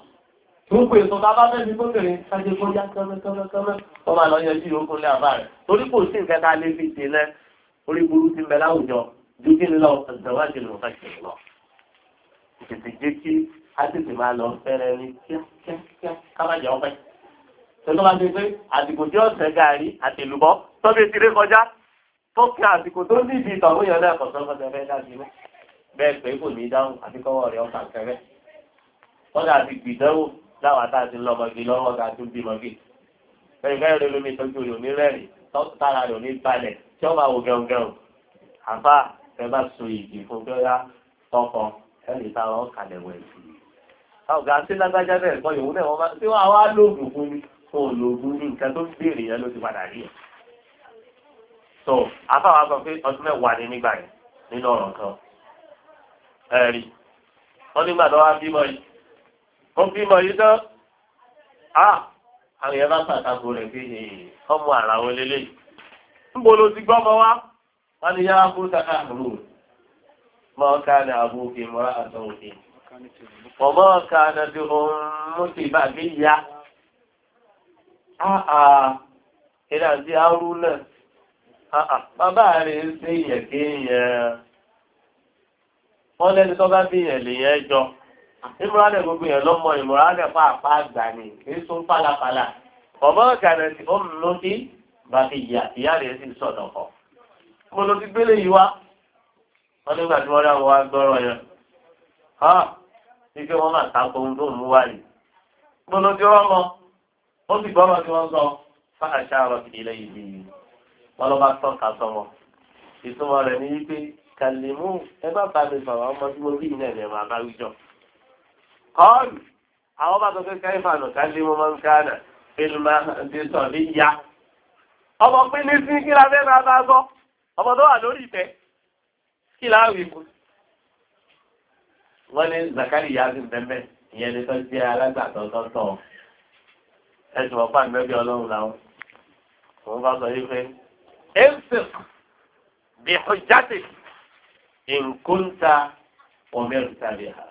Gbogbo ètò bàbá mẹ́rin gómìnrin ṣáájú kó yá kẹ́mẹ́kẹ́mẹ́kẹ́mẹ́. Wọ́n máa lọ yanjú ìrókun lé àbá rẹ̀. Torí kò sí nǹkan tá a lè fi ṣe lẹ́ orí burú ti bẹ láwùjọ ju kí n lọ ìdánwájú ló fẹ́ ṣe lọ. Ìtètè jẹ́ kí a tètè máa lọ fẹ́rẹ̀ ní kíákíákíá ká má jẹ́ ọpẹ́. Tẹ́tọ́ bá ti pé àsìkò tí ọ̀sẹ̀ gàrí àtẹlùbọ́ tọ́bi ti dé kọjá tó kí àsìkò tó ní ibi ìtàwọn èèyàn náà kọ̀ọ̀tọ́ kọ̀ọ̀tọ́ fẹ́ dájú mọ́. Bẹ́ẹ̀ pé kò ní dáhùn àti kọ́wọ́ rẹ̀ ọkàn láwọn àtà ti lọ́mọge lọ́wọ́ ká tún bímọge bẹ́ẹ̀ bẹ́ẹ̀ ló lómi tọ́jú rẹ̀ òní rẹ́rìn tára rẹ̀ tí ó máa wò gẹ̀ọ́gẹ̀ọ́ àbá ẹ bá so ìdì fún bẹ́ẹ̀ tọkọ ẹnì táwọn kàlẹ̀ wẹ̀ sí i. àwọn ọ̀gá sí lágbájá bẹ́ẹ̀ kọ́ ìwúlẹ̀ wọn máa tí wọ́n á wá lóògùn fún mi fún olóògùn ní nǹkan tó béèrè yẹn ló ti padà rí ẹ̀. so àbáwá sọ pé ọdún mẹ́wàá ni nígbà yẹn nínú ọ̀rọ̀ kan ẹ̀rí wọ́n nígbà tó wá bímọ yìí ó bímọ yìí tán á àwọn yẹn bá pàtàkì rẹ̀ pé ọmọ wọn lélẹ̀ níbo ló ti gbọ́mọ wá wọn ni yára kó sáká àbúrò mọ káàdà àbúkè mọ́ra àtọ̀wòkè mọ̀mọ́ mú ti bàbí ya ìdá arú náà bàbá rẹ̀ ń wọ́n lẹ́ni tó bá bí jọ. ìmúralẹ̀ gbogbo yẹn lọ́mọ ìmúralẹ̀ pàápàá àgbà ni èso ń falafala ọmọ ìkànnì tí ó ń lò sí bàtí ìyá ìyá rẹ̀ sì sọ̀dọ̀ kọ̀. mo lọ sí gbélé yìí wá wọ́n nígbà tí wọ́n rí àwọn agbọ́rọ̀ yẹn ha ní pé wọ́n máa tako ohun tó ń mú wáyé. mo lọ sí ọmọ ó sì gbọ́ ọmọ tí wọ́n sọ fáàṣà ọ̀rọ̀ ti ilé ìbí yìí wọ́n lọ bá tọ́ka sọmọ ìtumọ̀ rẹ̀ ní wípé kàlímù ẹ bá bá mi sọ̀rọ̀ ọmọ tí mo rí ìnáyẹ̀ máa bá wíjọ́ kọ́ọ̀lù àwọn bá sọ pé káyífà lọ ká lé mọ́mọ́ ń káàdà pẹ̀lú máa ti sọ ní ya ọmọ pé ní sí kí la fẹ́ máa bá sọ ọmọ tó wà lórí ìtẹ́ kí la wí fún wọ́n ní zakari yá sí bẹ́ẹ̀ ìyẹn ní tó jẹ́ alágbàtọ́ tọ́tọ́ ẹ̀sùn ọ̀pá ìgbẹ́bí ọlọ́run làwọn òun bá sọ yìí pé ẹ́ńsìk bí hujjatik in kunta umirta biha.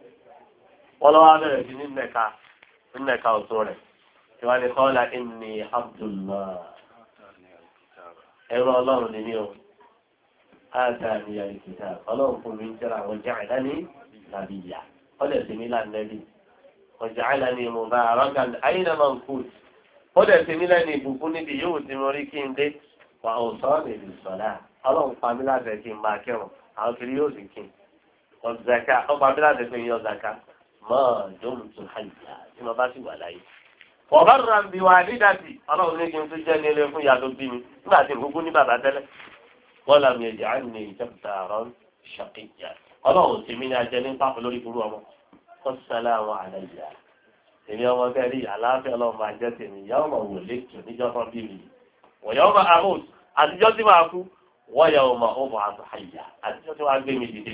wọ́n lọ́wọ́ bẹ̀rẹ̀ sí ní mẹ́ka mẹ́ka ọ̀tún rẹ̀ ìwádìí kọ́lá ìní Abdullah ẹ̀rọ ọlọ́run ni mí o ádàmì àìkìtà ọlọ́run fún mi ń tẹ́ra àwọn jáàdá ní nàbíyà ọlẹ̀ sí mi lánàbí ọjà àìlànà ìmọ̀ bá àrọ́gà àyínà máa ń kú ọlẹ̀ sí mi lánà ìbùkún níbi yóò ti mọ rí kí n dé wà ó sọ ọ́nà ìlú ọlọ́run pa mí láti kí n yọ ọ̀zàkà máa dóhùn tó hàjà tí mo bá sì wà láyé. ọ̀bá rà ń bi wà ní dàbí ọlọ́run ní kí n tó jẹ́ nílé fún ìyá tó bí mi nígbà tí gbogbo ní bàbá tẹ́lẹ̀. wọ́n làm yẹn jẹ́ àmì ìjọba àrùn ṣàkíyà ọlọ́run ti mí ní ajẹ́ ní pápá lórí burú ọmọ kọ́sálà àwọn àlàyé èmi ọmọ bẹ́ẹ̀ rí àlàáfíà ọlọ́run máa jẹ́ tèmi ìyá ọmọ wò létò níjọ́ tán bí mi wọ̀yọ́ ọmọ àmọ́ àtijọ́ tí máa kú wọ́yọ̀ ọmọ ọmọ àtàyà àtijọ́ tí wàá gbé mi dìde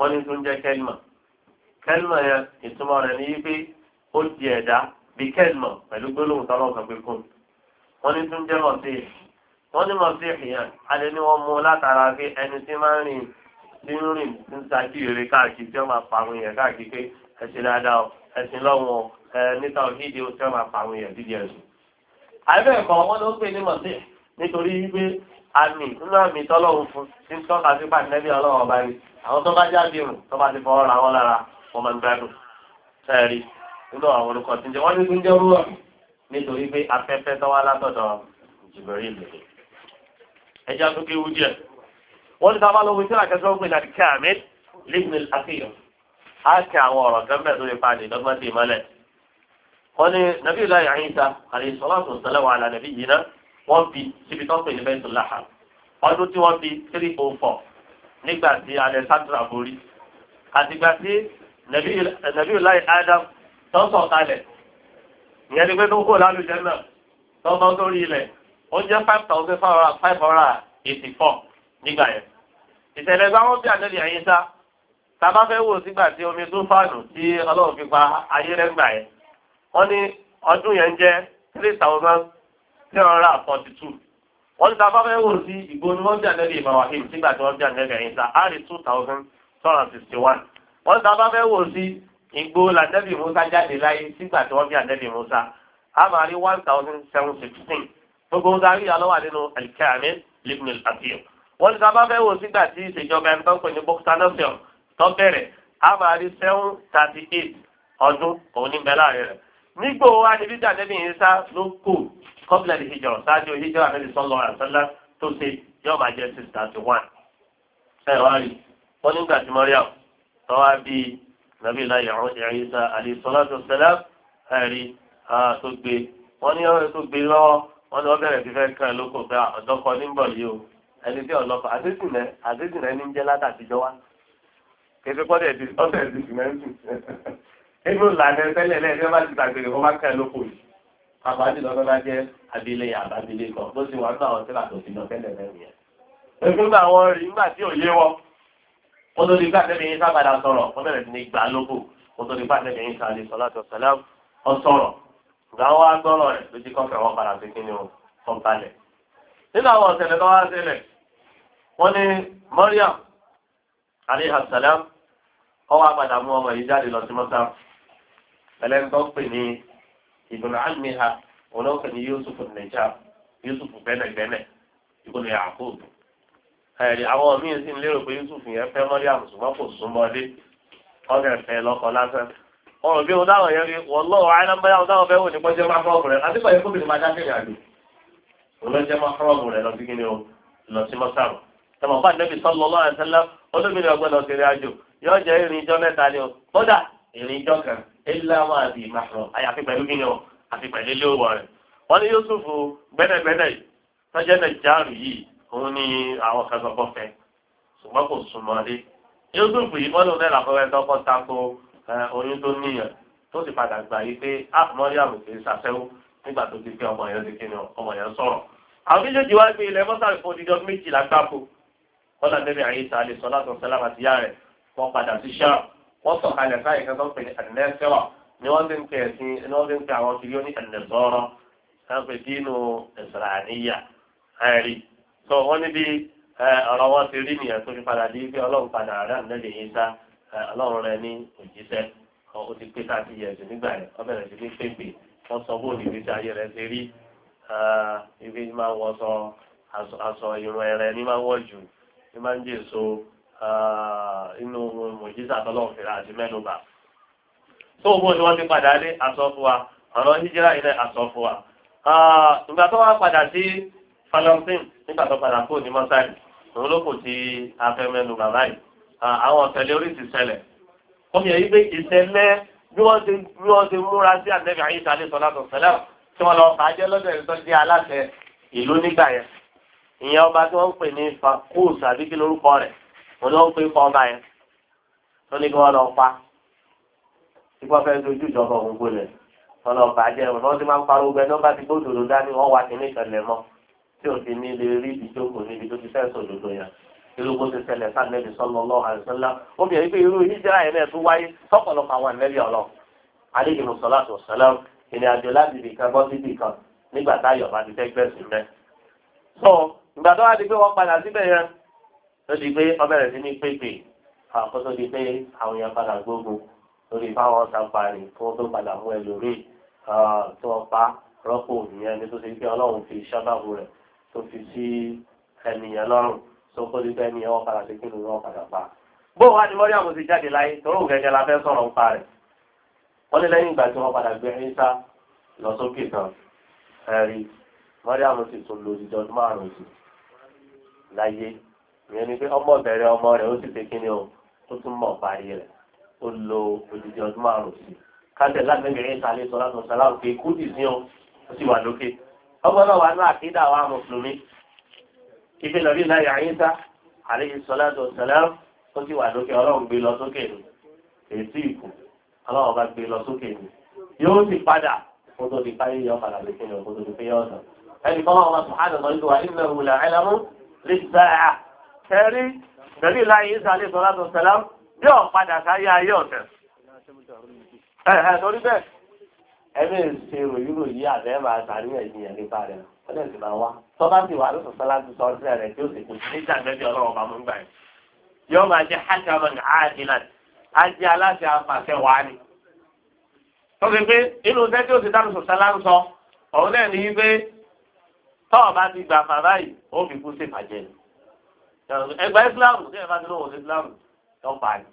wọ́n ní tó ń jẹ́ kẹ́lìmọ̀ kẹ́lìmọ̀ yẹn ìtumọ̀ rẹ̀ ní pé ó di ẹ̀dá bí kẹ́lìmọ̀ pẹ̀lú gbólóhùn tọ́lọ́ kan pé kún wọ́n ní tó ń jẹ́ mọ̀síì wọ́n ní mọ̀síì yẹn alẹ́ ni wọ́n mú látara pé ẹni tí máa ń rìn tí ń rìn ń ṣàkíyèrè káàkiri tí wọ́n máa pa àwọn èèyàn káàkiri pé ẹ̀sìn dáadáa ẹ̀sìn lọ́wọ́ níta òhídìí tí wọ́n máa pa àwọn èèyàn dídí ẹ̀sìn àìbẹ́ẹ̀kọ́ wọ́n ló ń pè ní mọ̀síì nítorí wípé àmì nínú àmì tọ́lọ́run fún tí ń tọ́ka sí pàtẹ́bí ọlọ́wọ́ bá rí àwọn tó bá jáde rùn tó bá ti fọwọ́ ra wọn lára wọn máa ń gbádùn sẹ́ẹ̀rí nínú àwọn olùkọ́ tí ń jẹ wọ́n ní kúnjẹ́ rúwọ̀ nítorí pé afẹ́fẹ́ tó wá látọ̀dọ̀ jìbìrì lèrè ẹjẹ́ àtúnkè wú díẹ̀ wọ́n ti ta bá lóhun tí wà kẹsàn-án pé láti kí àmì lẹ́gbìn àfihàn á kí àwọn ọ̀rọ̀ gẹ́gẹ́ tó lè pa àdé lọ́gbọ́n sí ìmọ́lẹ̀ wọ́n ní nàbí ìlà yàrá ìta àlè sọ́lá tó sẹ́lẹ̀ wà wọ́n bí síbi tó ń pè ní bẹ́ẹ̀ tó láhà ọdún tí wọ́n bí three oh four nígbà tí alexandra borí àtìgbà tí nàbí láì adam tó ń sọ̀ kalẹ̀ ìyẹn ni pé tó ń kó lálùjẹ́ náà tó ń bọ́ sórí ilẹ̀ ó jẹ́ five thousand five hundred eighty four nígbà yẹn ìṣẹ̀lẹ̀ gba wọ́n bí àtẹ̀lé àyíṣá tàbá fẹ́ wò sígbà tí omi tó fàánù tí ọlọ́run fi pa ayé rẹ̀ gbà yẹn wọ́n ní ọdún yẹn jẹ́ three thousand tí wọ́n rà forty two wọ́n ti ta bá fẹ́ wò sí ìgbó ni wọ́n jà lẹ́yìn Ibrahim sígbà tí wọ́n jà lẹ́yìn ẹ̀yìn sa ari two thousand two hundred sixty one wọ́n ti ta bá fẹ́ wò sí ìgbó làdẹ́bì Musa jáde láyé sígbà tí wọ́n jà lẹ́yìn Musa amari one thousand seven sixteen gbogbo darí alọ́wà nínú alikẹ́amẹ́ libnil abir wọ́n ti ta bá fẹ́ wò sígbà tí ìṣèjọba ẹni tó ń pè ní bọ́kítánọ́sìọ̀ tó bẹ̀rẹ̀ amari seven thirty eight ọdún òun ní bẹ́ẹ̀ láàrin rẹ̀ nígbò wa ni bíjà lẹ́yìn ẹ̀yìn ló kù kọ́bílẹ̀ ní hijra ṣáájú hijra níbi sọ́lọ́ àṣálá tó ṣe yóò máa jẹ́ six thirty one. ẹ wá rí wọn nígbà tí Mariam tọ́wá bí nàbí láyé Ìsá alayhi salatu wassalam ẹ̀rí tó gbé wọn ní ọ̀rẹ́ tó gbé lọ́wọ́ wọn ní wọ́n bẹ̀rẹ̀ sí fẹ́ kàn lóko pé ọ̀dọ́kọ ní bọ̀ yìí o ẹni tí ọ̀lọ́kọ̀ àdéjìnlẹ̀ àdéjìnlẹ̀ ní jẹ́ látàtijọ́ wa kẹfẹ́ pọ́dẹ̀ ti ọ̀sẹ̀ ti sì mẹ́rin tù. inú ti tàgbèrè àbájú lọ́dọ́ bá jẹ́ abilé àbábilé kan bó ti wà ní àwọn tíra tó ti lọ tẹ́lẹ̀ lẹ́yìn ẹ̀. èmi gbà wọn rí nígbà tí ò yé wọn ó tó di gbà tẹ́lẹ̀ yín sábàdà sọ̀rọ̀ ó bẹ̀rẹ̀ sí ní gbà lóko ó tó di gbà tẹ́lẹ̀ yín sáà ní sọlá tó sọlá ó sọ̀rọ̀ gbà wọn á gbọ́rọ̀ rẹ̀ lójú kọ́fẹ́ wọn padà sí kí ni ó kọ́ balẹ̀. nínú àwọn ọ̀sẹ̀lẹ̀ tó wá sílẹ̀ wọ́n ní Maryam alayhi salam ọwọ́ àpàdà mú ọmọ yìí jáde lọ sí mọ́sá ẹlẹ́ni tó pè ní ibùdó àmìhà olóòkè ní yusuf nìjà yusuf bẹ́nẹ̀bẹ́nẹ̀ ìgbóni yakub ẹ̀rí àwọn míì sì ń lérò pé yusuf yẹn fẹ́ mọ́ríàmù ṣùgbọ́n kò súnmọ́lé ọ̀gẹ̀ fẹ́ lọ́kọ lásán ọ̀rọ̀ bí ọ̀dá àwọn yẹn rí wọ́lọ́wọ́ àìlámbáyà ọ̀dá ọ̀fẹ́ wò ní pọ́jẹ́ máa fọ́ọ̀mù rẹ̀ àti pàyẹ́ kóbìnrin máa dákẹ́ ìrìnàjò olóńjẹ́ máa fọ́ọ̀mù rẹ̀ lọ sí kí ni o lọ sí mọ́sàrù tẹmọ̀ bá nẹ́bí sọ́lọ́ lọ́rẹ̀ sẹ́lá olóbìnrin ọgbẹ́ lọ sí ìrìnàjò yóò jẹ́ ìrìnjọ́ mẹ́ta ni o kódà ìrìnjọ́ kan ilé àwọn àbí mahram àyàfi pẹ̀lú kí ni o àfi pẹ̀lú ilé òwò rẹ̀ wọ́n ní Yusuf gbẹ́dẹ̀gbẹ́dẹ̀ tọ́jẹ́ nàìjíríà yìí òun ní àwọn kan sọ fọ́fẹ́ ṣùgbọ́n kò súnmọ́ dé Yusuf yìí wọ́n lò ní ìlàkọ́rẹ́ tọ́kọ́ tako oyún tó níyàn tó sì padà gbà yí pé àmọ́ríàmù ah, kì í ṣàṣẹ́wó nígbà tó ti fi ọmọ yẹn ti kíni ọmọ yẹn sọ̀rọ̀ àwọn méjèèjì wá pé ilẹ̀ mọ́sàlì fún odidi ọdún méjìlá gbáko kọ́lá níbi àyíṣà àlè sọ́lá tó sẹ́lá àti yá rẹ̀ wọ́n padà sí ṣáà wọ́n sọ kalẹ̀ báyìí kan tó ń pè ní ànẹ́sẹ̀wà ni wọ́n ti ń pè sí ni wọ́n ti ń pè àwọn kiri ó ní ànẹ́sọ̀rọ̀ wọ́n pè dínú ìsìlàníyà ẹ̀rí tó wọ́n níbi ọ̀rọ̀ wọn ti rí nìyẹn tó fi padà di pé ọlọ́run padà rẹ̀ ànẹ́lẹ̀ yìí sá ọlọ́run rẹ̀ ní òjíṣẹ́ ó ti pé káàkiri yẹ̀sùn nígbà rẹ̀ ọ bẹ̀rẹ̀ sí ní pépè wọ́n sọ bó ní ìgbésí ayé rẹ̀ ṣe rí ibi máa wọ aṣọ irun ẹ̀rẹ̀ ní máa wọ̀ jù ní máa ń jẹ́ èso inú mòjísà tọ́lọ́run fèrè àti mẹ́nubà tó owó ni wọ́n ti padà lé aṣọ fún wa ọ̀rọ̀ hijira ilẹ̀ aṣọ fún wa ìgbà tó wá padà sí Falastin nígbà tó padà kó ní mọ́sáì òun ló kò ti afẹ́mẹ́nubà báyìí àwọn ọ̀tẹ̀lẹ̀ oríṣi ṣẹlẹ̀ kọ́mi ẹ̀yí pé ìṣẹ̀lẹ̀ bí wọ́n ti bí wọ́n ti múra sí àtẹ́bí àyíṣà alẹ́ sọlá tó ṣẹlẹ̀ tí wọ́n lọ fàájẹ́ lọ́dọ̀ ẹ̀rí tó jẹ́ aláṣẹ ìlú nígbà yẹn ìyẹn ọba tí wọ́n ń pè ní Fakus àbí kí lórúkọ òun ló ń pè fún ọba yẹn tó ní kí wọ́n lọ pa tí wọ́n fẹ́ dojú ìjọba òun gbolẹ̀ wọ́n lọ bàjẹ́ òun lọ́ọ́ ti máa ń pariwo bẹ́ẹ̀ nọ́mbà tí gbọ́dọ̀ ló dání wọ́n wá kíní ìṣẹ̀lẹ̀ mọ́ tí ò ti ní lè rí ìjókòó níbi tó ti fẹ́ sòdodo yẹn irú bó ti ṣẹlẹ̀ sáàmẹ́lì sọ́lọ́ lọ́wọ́ àìsọ́lá obìnrin pé irú hijira yẹn náà tún wáyé sọ́pọ̀lọpọ̀ àwọn ìmẹ́lì ọ̀lọ́ aleyhi musalatu wasalam ìrìn àjò láti ibì kan bọ́ síbì kan nígbà táyọ̀ bá ti fẹ́ gbẹ̀sìn mẹ́. sọ ìgbà tó wá di pé wọ́n padà síbẹ̀ yẹn tó di pé ọbẹ̀rẹ̀ sí ní pépè àkótó di pé àwọn èèyàn padà gbógun lórí báwọn ọ̀tá parí tí wọ́n padà mú ẹlòmíì tí wọ́n rọ́pò nìyẹn ní tó ti pé ọlọ́run fi sábàbù rẹ̀ tó fi sí ẹnìyàn lọ́rùn tó kó di pé ẹnìyàn wọn padà sí kí lóun wọn padà pa. bó wàá ní mọ́rí àmọ́ jáde láyé tọ́rọ̀ gẹ́gẹ́ la fẹ́ sọ̀rọ̀ ń pa rẹ̀ wọ́n ní lẹ́yìn ìgbà tí wọ́n padà gbé ẹ̀ńsá lọ sókè tán ẹ̀rí mọ́rí àmọ́ ti tún lòdì ìyẹn ni pé ọmọ bẹ̀rẹ̀ ọmọ rẹ̀ ó sì ṣe kí ni o ó tún mọ̀ parí rẹ̀ ó lo odidi ọdún márùn sí káńtẹ̀ lágbègbè ìsàlẹ̀ sọ láti ọ̀sán láti fi kúdì sí ọ ó sì wà lókè ọmọ náà wà ní àkídà wa mùsùlùmí ibi nàbí náà yà yín sá àlejò sọ láti ọ̀sán láti ó sì wà lókè ọlọ́run gbé lọ sókè ni èyí ìkù ọlọ́run bá gbé lọ sókè ni yóò sì padà kótó di káyé yọ padà lókè ni kótó di pé yọ ọ̀sán ẹnì kan wọn tẹ́rí tẹ́rí láyé ìsàlẹ̀ sọ́látọ̀ sẹ́lá yóò padà sáyé ayé ọ̀tẹ̀. ẹ̀hẹ̀ torí bẹ́ẹ̀ ẹ̀mí ṣe ròyìnrò yí àbẹ́ máa sàárín ẹ̀yìn ẹ̀ nípa rẹ̀ ọdẹ sì máa wá tọ́ bá sì wà lóṣù sọ́lá ti sọ ọ́sẹ̀ rẹ̀ tí ó sì kù sí níjà gbẹ́bí ọlọ́run bá mú gbà yìí. yóò máa jẹ́ hakaman adilan ajé aláṣẹ afàṣẹ wà ní. tó fi pé inú iṣẹ́ tí ó ti dáhùn sọ̀tẹ́ láńsọ òun náà ní wípé tọ́ọ̀ bá ti gbà fàbáyì ó fi kú sí ìbàjẹ́ ni ẹgbẹ́ islam ní ẹ̀fà nílò òun islam yọ pa ni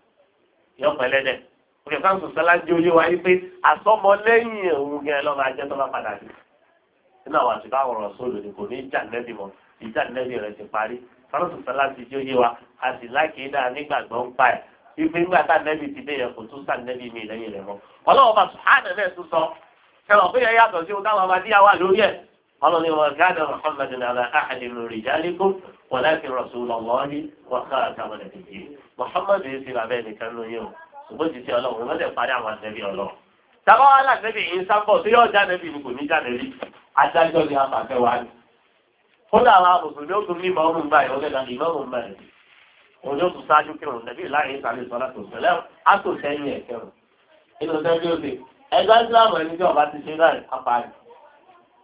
yọ pẹ̀lẹ́ dẹ̀ òkè fáwọn sọ̀sọ́lá jẹ́ oyé wa yìí pé àsọmọ lẹ́yìn òun gẹ̀ lọ́ba jẹ́ tọ́ba padà sí nínú àwọn àtìbá ọ̀rọ̀ sóòlù ni kò ní ìjà nẹ́bì mọ́ ìjà nẹ́bì rẹ̀ ti parí fáwọn sọ̀sọ́lá ti jẹ́ oyé wa a sì lákèédà nígbàgbọ́ ń pa ẹ̀ ìpín nígbà tá nẹ́bì ti dé yẹn kò tún sá nẹ́bì mi lẹ́yìn rẹ̀ mọ́ ọlọ́wọ́ bá sùhánà náà tún sọ ẹ̀rọ pé yẹn yàtọ̀ sí قالوا لي وكان محمد على أحد من رجالكم ولكن رسول الله وخاتم نبيه محمد يسير عبيني كانوا يوم سبوتي سي الله ومدى قارع مع النبي الله tàbá wà lágbẹ́bí yìí sábọ̀ tí yóò jáde bí kò ní jáde rí adájọ́ ni afàfẹ́ wa ni kódà àwọn mùsùlùmí ó tún ní ìmọ̀ ọ̀rùn báyìí ọ̀gẹ́ ìlànà ìmọ̀ ọ̀rùn báyìí òun yóò tún ṣáájú kírun nàbí láàrin ìsàlẹ̀ ìsọ̀lá tó ṣẹlẹ̀ á tó sẹ́yìn ẹ̀kẹ́rùn inú sẹ́yìn ó ṣe ẹgbẹ́ islam ẹni tí ọba ti ṣe láì apá rẹ̀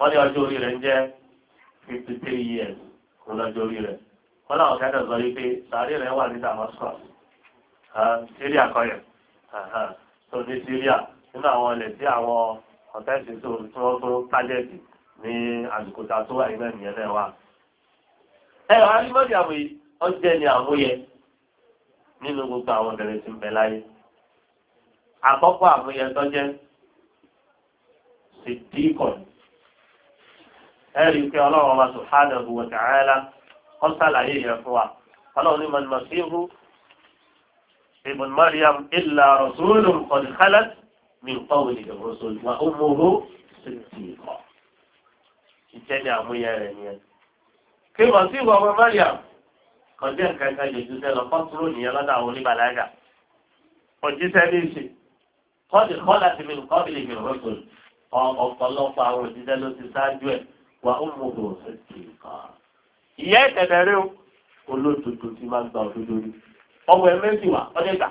wọ́n ní ọjọ́ orí rẹ̀ ń jẹ́ fifty years kò lọ́jọ́ orí rẹ̀ wọ́n láwọn kẹ́kẹ́ sọ wípé sàárè rẹ̀ wà ní Damascus Syria kọ́yẹ̀ tó ní Syria nínú àwọn ilẹ̀ tí àwọn ọ̀tẹ́sì tó tí wọ́n tó tájẹ́tì ní àdìkòtà tó wà nínú ẹ̀mí ẹ̀rẹ́ wa. ẹ wá ní àwọn yìí wọ́n jẹ́ ni àmúyẹ nínú gbogbo àwọn ọ̀bẹ̀rẹ̀ tí ń bẹ láyé. àkọ́kọ́ àmúyẹ tó jẹ́ sí ẹ̀rí pé ọlọ́run ọba subhanahu wa ta'ala ó sàlàyé yẹn fún wa ọlọ́run ní mọ̀lmọ́síhù ibn Maryam illa rasulun qad khalat min qablihi rusul wa ummuhu siddiqa ìtẹ́ni àmúyẹ rẹ̀ nìyẹn. kí mọ̀síhù ọmọ Maryam kọjá nǹkan kan lè dúdẹ lọ fọ́túrò nìyẹn lọ́dọ̀ àwọn oníbàlágà òjíṣẹ́ ní ìṣe kọ́ọ̀dì kọ́ọ̀dà ti mi nǹkan ọ̀bìnrin mi ọ̀pọ̀lọpọ̀ àwọn òjíṣẹ́ ló ti ṣáájú ẹ̀ wà ó mú ọ̀rọ̀ sẹ́kì ká. Ìyá ẹ̀tẹ̀tẹ̀ rí o, olódodo ti máa ń gba òdodo rí. Ọmọ ẹ̀ méjì wà, ọdẹ gbà.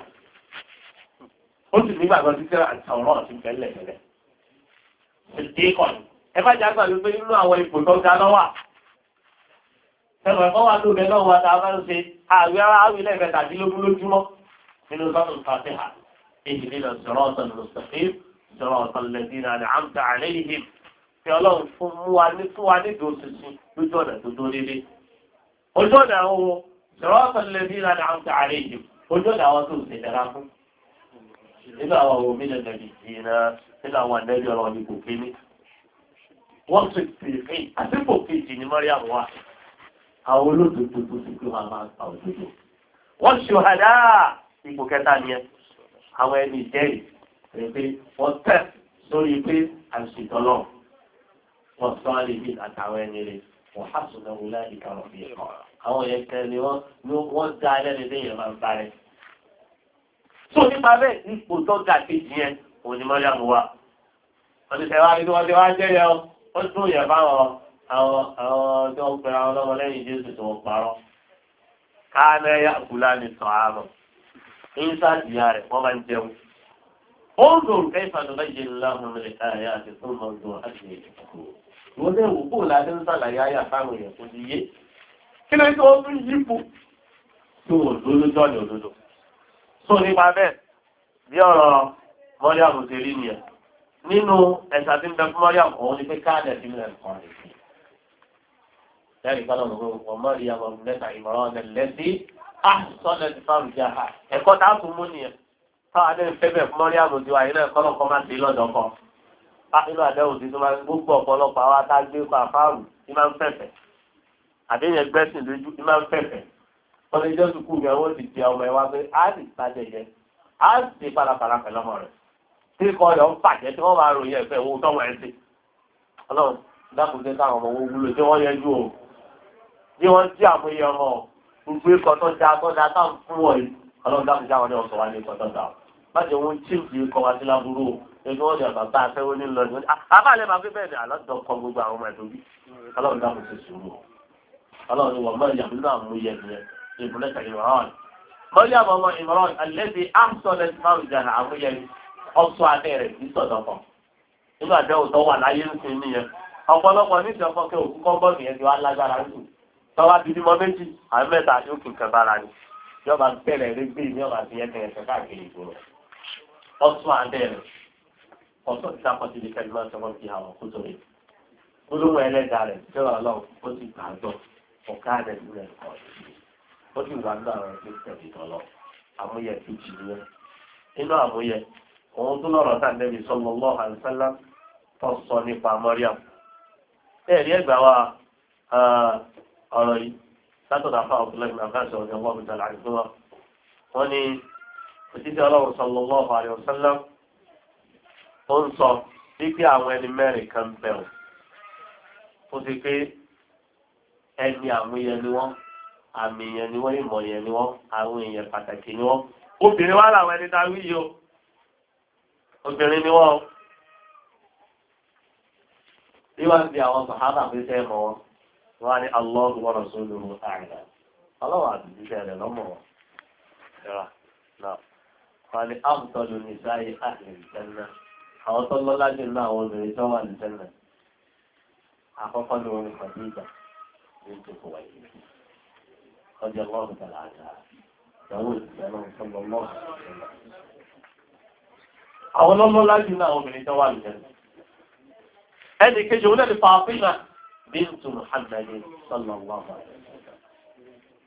Ó sì nígbà kan títí àti ọ̀rọ̀ àti tẹ́lẹ̀ tẹ́lẹ̀. Ṣèdè kan. Ẹ má jágbà ló pé nínú àwọn ipò tó ga lọ́wà. Ẹ̀rọ ẹ̀kọ́ wa lóde náà wà tá a máa ń ṣe àwẹ̀ ara àwẹ̀ lẹ́ẹ̀kẹ́ lójúmọ́ nínú sọ́tún fàtíhà. Èjì nínú sọ̀rọ̀ ọ̀sán lọ́sọ̀fẹ́ sọ̀rọ̀ ọ̀sán lẹ́dínà ní àmì tí ọlọ́run fún mú wa ní fún wa ní ìdó tuntun lójú ọ̀nà tó tó dédé ojú ọ̀nà àwọn ṣọ̀rọ̀ọ̀sán lè ní ìlànà àwọn tí àárẹ̀ yìí ojú ọ̀nà àwọn tó ṣe dára fún nínú àwọn ohun mi lẹ́nu ẹ̀bí sí iná nínú àwọn ànẹ́bí ọlọ́run ní kò kéne wọ́n ti pè é àtìpò kejì ní mọ́rí àwọn wa àwọn olódodo tó ti kú máa máa pa òdodo wọ́n ṣùhàdá ipò kẹta nìyẹn àwọn ẹni ìjẹ́rìí pé wọ́n tẹ̀ lórí pé àṣìṣe wọ́n sọ á lè bí àtàwọn ẹni rẹ̀ wọ́n há sùn náà wọlé ìkàwọ̀ fi ẹ̀kọ́ àwọn yẹn tẹ́ ni wọ́n dá ẹlẹ́ni lé yẹn máa ń bá rẹ̀. tó nípa bẹ́ẹ̀ ipò tó ga kejì yẹn òun ni mọ́lẹ́ àmú wa wọ́n ti tẹ̀wá ní wọ́n ti wá jẹ́ yẹn ó tún yẹ̀ fáwọn àwọn tó ń pẹ̀lú àwọn ọlọ́mọ lẹ́yìn Jésù tó ń parọ́ káàmẹ́ yá kúlá ni sọ̀ àmọ́ ìsáàdìyà rẹ̀ wọ́n máa ń jẹun انظر كيف نبين لهم الآيات ثم انظر أجل الحكومة wọ́n dẹ̀ wò bóòlá dé ń sàlàyé àyà fáwọn èèyàn kò ní yé kí ló ń tó ń yípo tó òdodo jọ́ni òdodo tó nípa bẹ́ẹ̀ bí ọ̀rọ̀ mọ́ríàm ṣe rí nìyẹn nínú ẹ̀sà tí ń bẹ fún mọ́ríàm òun ni pé káàdẹ̀ sí mílẹ̀ kan rẹ̀ lẹ́yìn ah, kan náà wọ́n mọ́ríàm nìyẹn inú àdáwò tí tó máa gbogbo ọ̀pọ̀lọpọ̀ àwọn atágbé kọ àfáàrù ní máa ń fẹ̀fẹ̀ àdéhùn ẹgbẹ́sìn lójú ní máa ń fẹ̀fẹ̀ wọ́n ti jẹ́ sùkúù yẹn wọ́n ti di ọmọ ẹ wá pé á sì sájẹ yẹn á sì palapala pẹ̀lú ọmọ rẹ̀ tí kọ́ ọ̀yọ́ ń bàjẹ́ tí wọ́n máa ròyìn ẹ̀fẹ́ owó tọ́wọ́ ẹ̀ sí ọlọ́run dákùnjẹ́ káwọn ọmọ owó wúlò tí wọ́n yẹjú o bí wọ́n jí àmúyẹ ọmọ gbogbo ikọ̀ tó da tó da táwọn fún wọ̀nyí ọlọ́run dákùnjẹ́ àwọn ọ̀sọ̀ wa ti ẹgbẹ́ wọn ni bàbá afẹ́wọ́ ní lọ ìwé àbá lè máa fi bẹ́ẹ̀ ni àlọ́dọ̀ kọ gbogbo àwọn ọmọ ẹ̀dùn bí ọlọ́run dáhùn sí sùúrù ọlọ́run ni wọ́n mọ ìyàwó náà mú yẹ ni ìbúlẹ̀ tẹ̀lé ìmọ̀ràn mọ́lẹ́ àwọn ọmọ ìmọ̀ràn àlẹ́bí amsọ̀lẹ̀ márùjà àmúyẹ ọ̀ṣọ́ abẹ́ rẹ̀ kì í sọ̀dọ̀ kan nínú àdéhùn tó wà láyé ń sin nìyẹn ọ̀pọ̀lọpọ̀ níṣẹ́ ọkọ̀ òkú kọ́ńbọ̀ nìyẹn ti wá ọ̀tọ̀ ti sápọ̀ sí ilé kẹ́lí máa ń sọmọ́ fi àwọn kó sórí. Olówó ẹlẹ́dà rẹ̀ jẹ́rọ ọlọ́run ó ti gbà á gbọ́ ọ̀ká rẹ̀ lúrẹ̀ kọ́. Ó ti wà nínú àwọn ẹgbẹ́ tẹ̀lé tọ́lọ̀. Àmúyẹ kejì ni wọ́n. Inú àmúyẹ, òun tó lọ́rọ̀ tá nẹ́bi sọ́mọ lọ́ àlùsálá tó sọ nípa Mọ́ríàm. Ẹ̀rí ẹgbà wa ọ̀rọ̀ yìí látọ̀dọ̀ afá ọ̀túnlẹ̀ ìgbà ó ń sọ wípé àwọn ẹni mẹ́rin kan bẹ̀ ó ti pé ẹni àwọn ni wọ́n àmì yẹn ni wọ́n ìmọ̀ yẹn ni wọ́n àwọn èèyàn pàtàkì ni wọ́n obìnrin wá làwọn ẹni darí yìí o obìnrin ni wọ́n o bí wọ́n di àwọn sàhábà fi wa rasuluhu àìlá ọlọ́wọ́ àdúgbò sẹ́ rẹ̀ wọn yọrọ náà wọ́n á ní àbùtọ́lù àwọn tó lọ́lá jù lọ àwọn obìnrin tó wà ní tẹ́lẹ̀ àkọ́kọ́ ni wọn kọ̀ sí ìgbà ní ìtòkò wà yìí ọjọ́ lọ́rùn tẹ̀lé àjà ìyàwó ìṣẹ̀lẹ̀ náà tó lọ lọ́rùn àwọn lọ́lọ́lá jù lọ àwọn obìnrin tó wà ní tẹ́lẹ̀ ẹnì kejì òun lẹ́nu Fàtímà bíntù Muhammadu sallallahu alaihi wa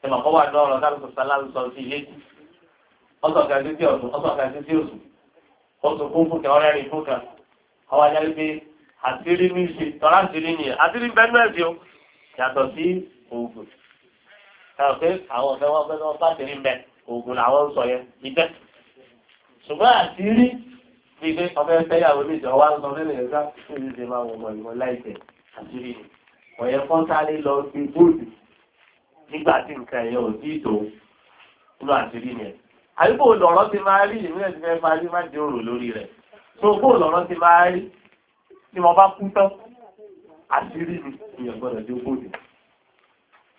sallam ìmọ̀ kọ́ wà ní ọ̀rọ̀ sálùsọ̀ sálùsọ̀ sí ilé ọ̀sọ̀ kan sí sí ọ̀sùn ọ̀sọ̀ kan sí sí ọ̀sùn ó tún kún fún kẹwàá rẹ̀ fún kan ọwọ́ ajá wípé àtìrí ní ṣe tọ́lá àtìrí ni àtìrí bẹ́ẹ̀ náà sí o yàtọ̀ sí oògùn káwọn pé àwọn ọ̀fẹ́ wọn fẹ́ wọn bá tẹ̀lé mbẹ oògùn làwọn ń sọ yẹn ìtẹ́ ṣùgbọ́n àtìrí bí pé ọfẹ́ fẹ́yàwó ní ìjọ wa ń sọ fẹ́lẹ̀ ẹ̀ká tó ti ṣe máa wọ̀ ìwọ̀n láìpẹ́ àtìrí ni ọ̀yẹ́ fọ́n sáré lọ sí bóòdù nígbà tí nǹkan ẹ̀yẹ ò ìtò nínú àtìrí ni ẹ̀ àyíkò lọ̀rọ̀ ti máa rí ìwé ẹ̀sìn fẹ́ rí má di òrò lórí rẹ̀ tó kó lọ̀rọ̀ ti máa rí tí mo bá kú tán àti rí mi èèyàn gbọ́dọ̀ jó bòdì.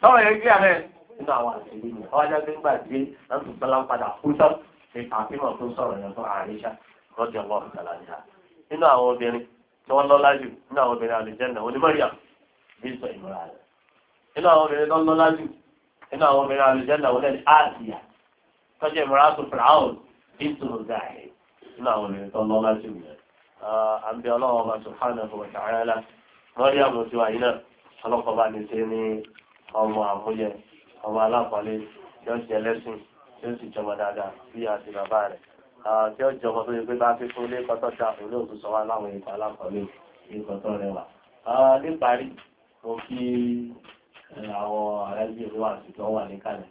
lọ́wọ́ yẹn kí àárẹ̀ nínú àwọn àṣírí mi ọwọ́ ajá tó ń gbà dé láti sọ́lá ń padà kú tán ní àfihàn tó sọ̀rọ̀ yẹn fún àríṣà lọ́jọ́ ọlọ́run tàlàyà nínú àwọn obìnrin tí wọ́n lọ́lá jù nínú àwọn obìnrin àlùjẹ́nà onímọ̀ríà bí sọ ìmúra rẹ̀ nínú àwọn obìnrin tó jù nínú àwọn obìnrin àlùjẹ́nà onímọ̀ríà tọ́jú ìmúrasù fìràhùn bí tùrù gàáyé nínú àwọn obìnrin tó lọ́lá sí mi yẹn. àbí ọlọ́wọ́ ọba subhanahu wa ta'ala lọ́rí àwọn tí wà yìí náà ọlọ́kọ̀ bá ní ṣe ní ọmọ àmúyẹ ọmọ alápọ̀lẹ́ yóò ṣe ẹlẹ́sìn tí ó sì jọmọ dáadáa bí àti bàbá rẹ̀ tí ó jọmọ tó yẹ pé bá fi fún lẹ́kọ̀tọ́ ta òun òtún sọ wá láwọn ikọ̀ alápọ̀lẹ́ ìkọ̀tọ́ rẹ̀ wà. níparí mo kí àwọn àrẹ́bí ìlú àti tó wà ní kalẹ̀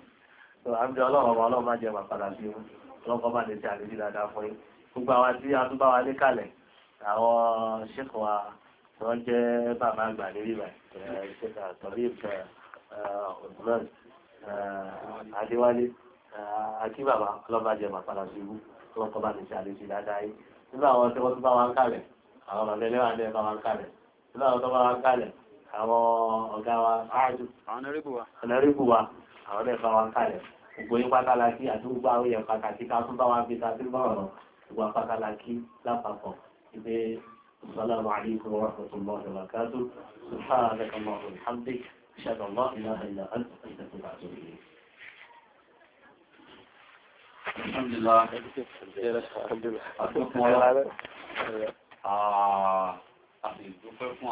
so àbí ọlọ́run ọba ọlọ́run má jẹ́ wà padà sí wọn ọlọ́kọ́ bá lè ṣe àlejò dáadáa fún yín gbogbo àwọn tí a tún bá wa lé kalẹ̀ àwọn ṣèkọ̀ wa tí wọ́n jẹ́ bàbá àgbà lérí báyìí ṣèkà tọ́lí ìfẹ́ ọ̀dùnmọ́n adéwálé akíbàbá ọlọ́run má jẹ́ wà padà sí wọn ọlọ́kọ́ bá lè ṣe àlejò dáadáa yín nínú àwọn tí wọ́n tún bá wa ń kalẹ̀ àwọn àwọn ẹ̀fà wa kalẹ̀ gbogbo yín pátálà kí àti gbogbo àwọn èèyàn pàtàkì ká tún bá wa fi tàbí bá ọ̀rọ̀ gbogbo apátálà kí lápapọ̀ ìgbé السلام عليكم ورحمة الله وبركاته سبحانك اللهم وبحمدك أشهد أن لا إله إلا أنت أستغفرك وأتوب إليك الحمد لله الحمد لله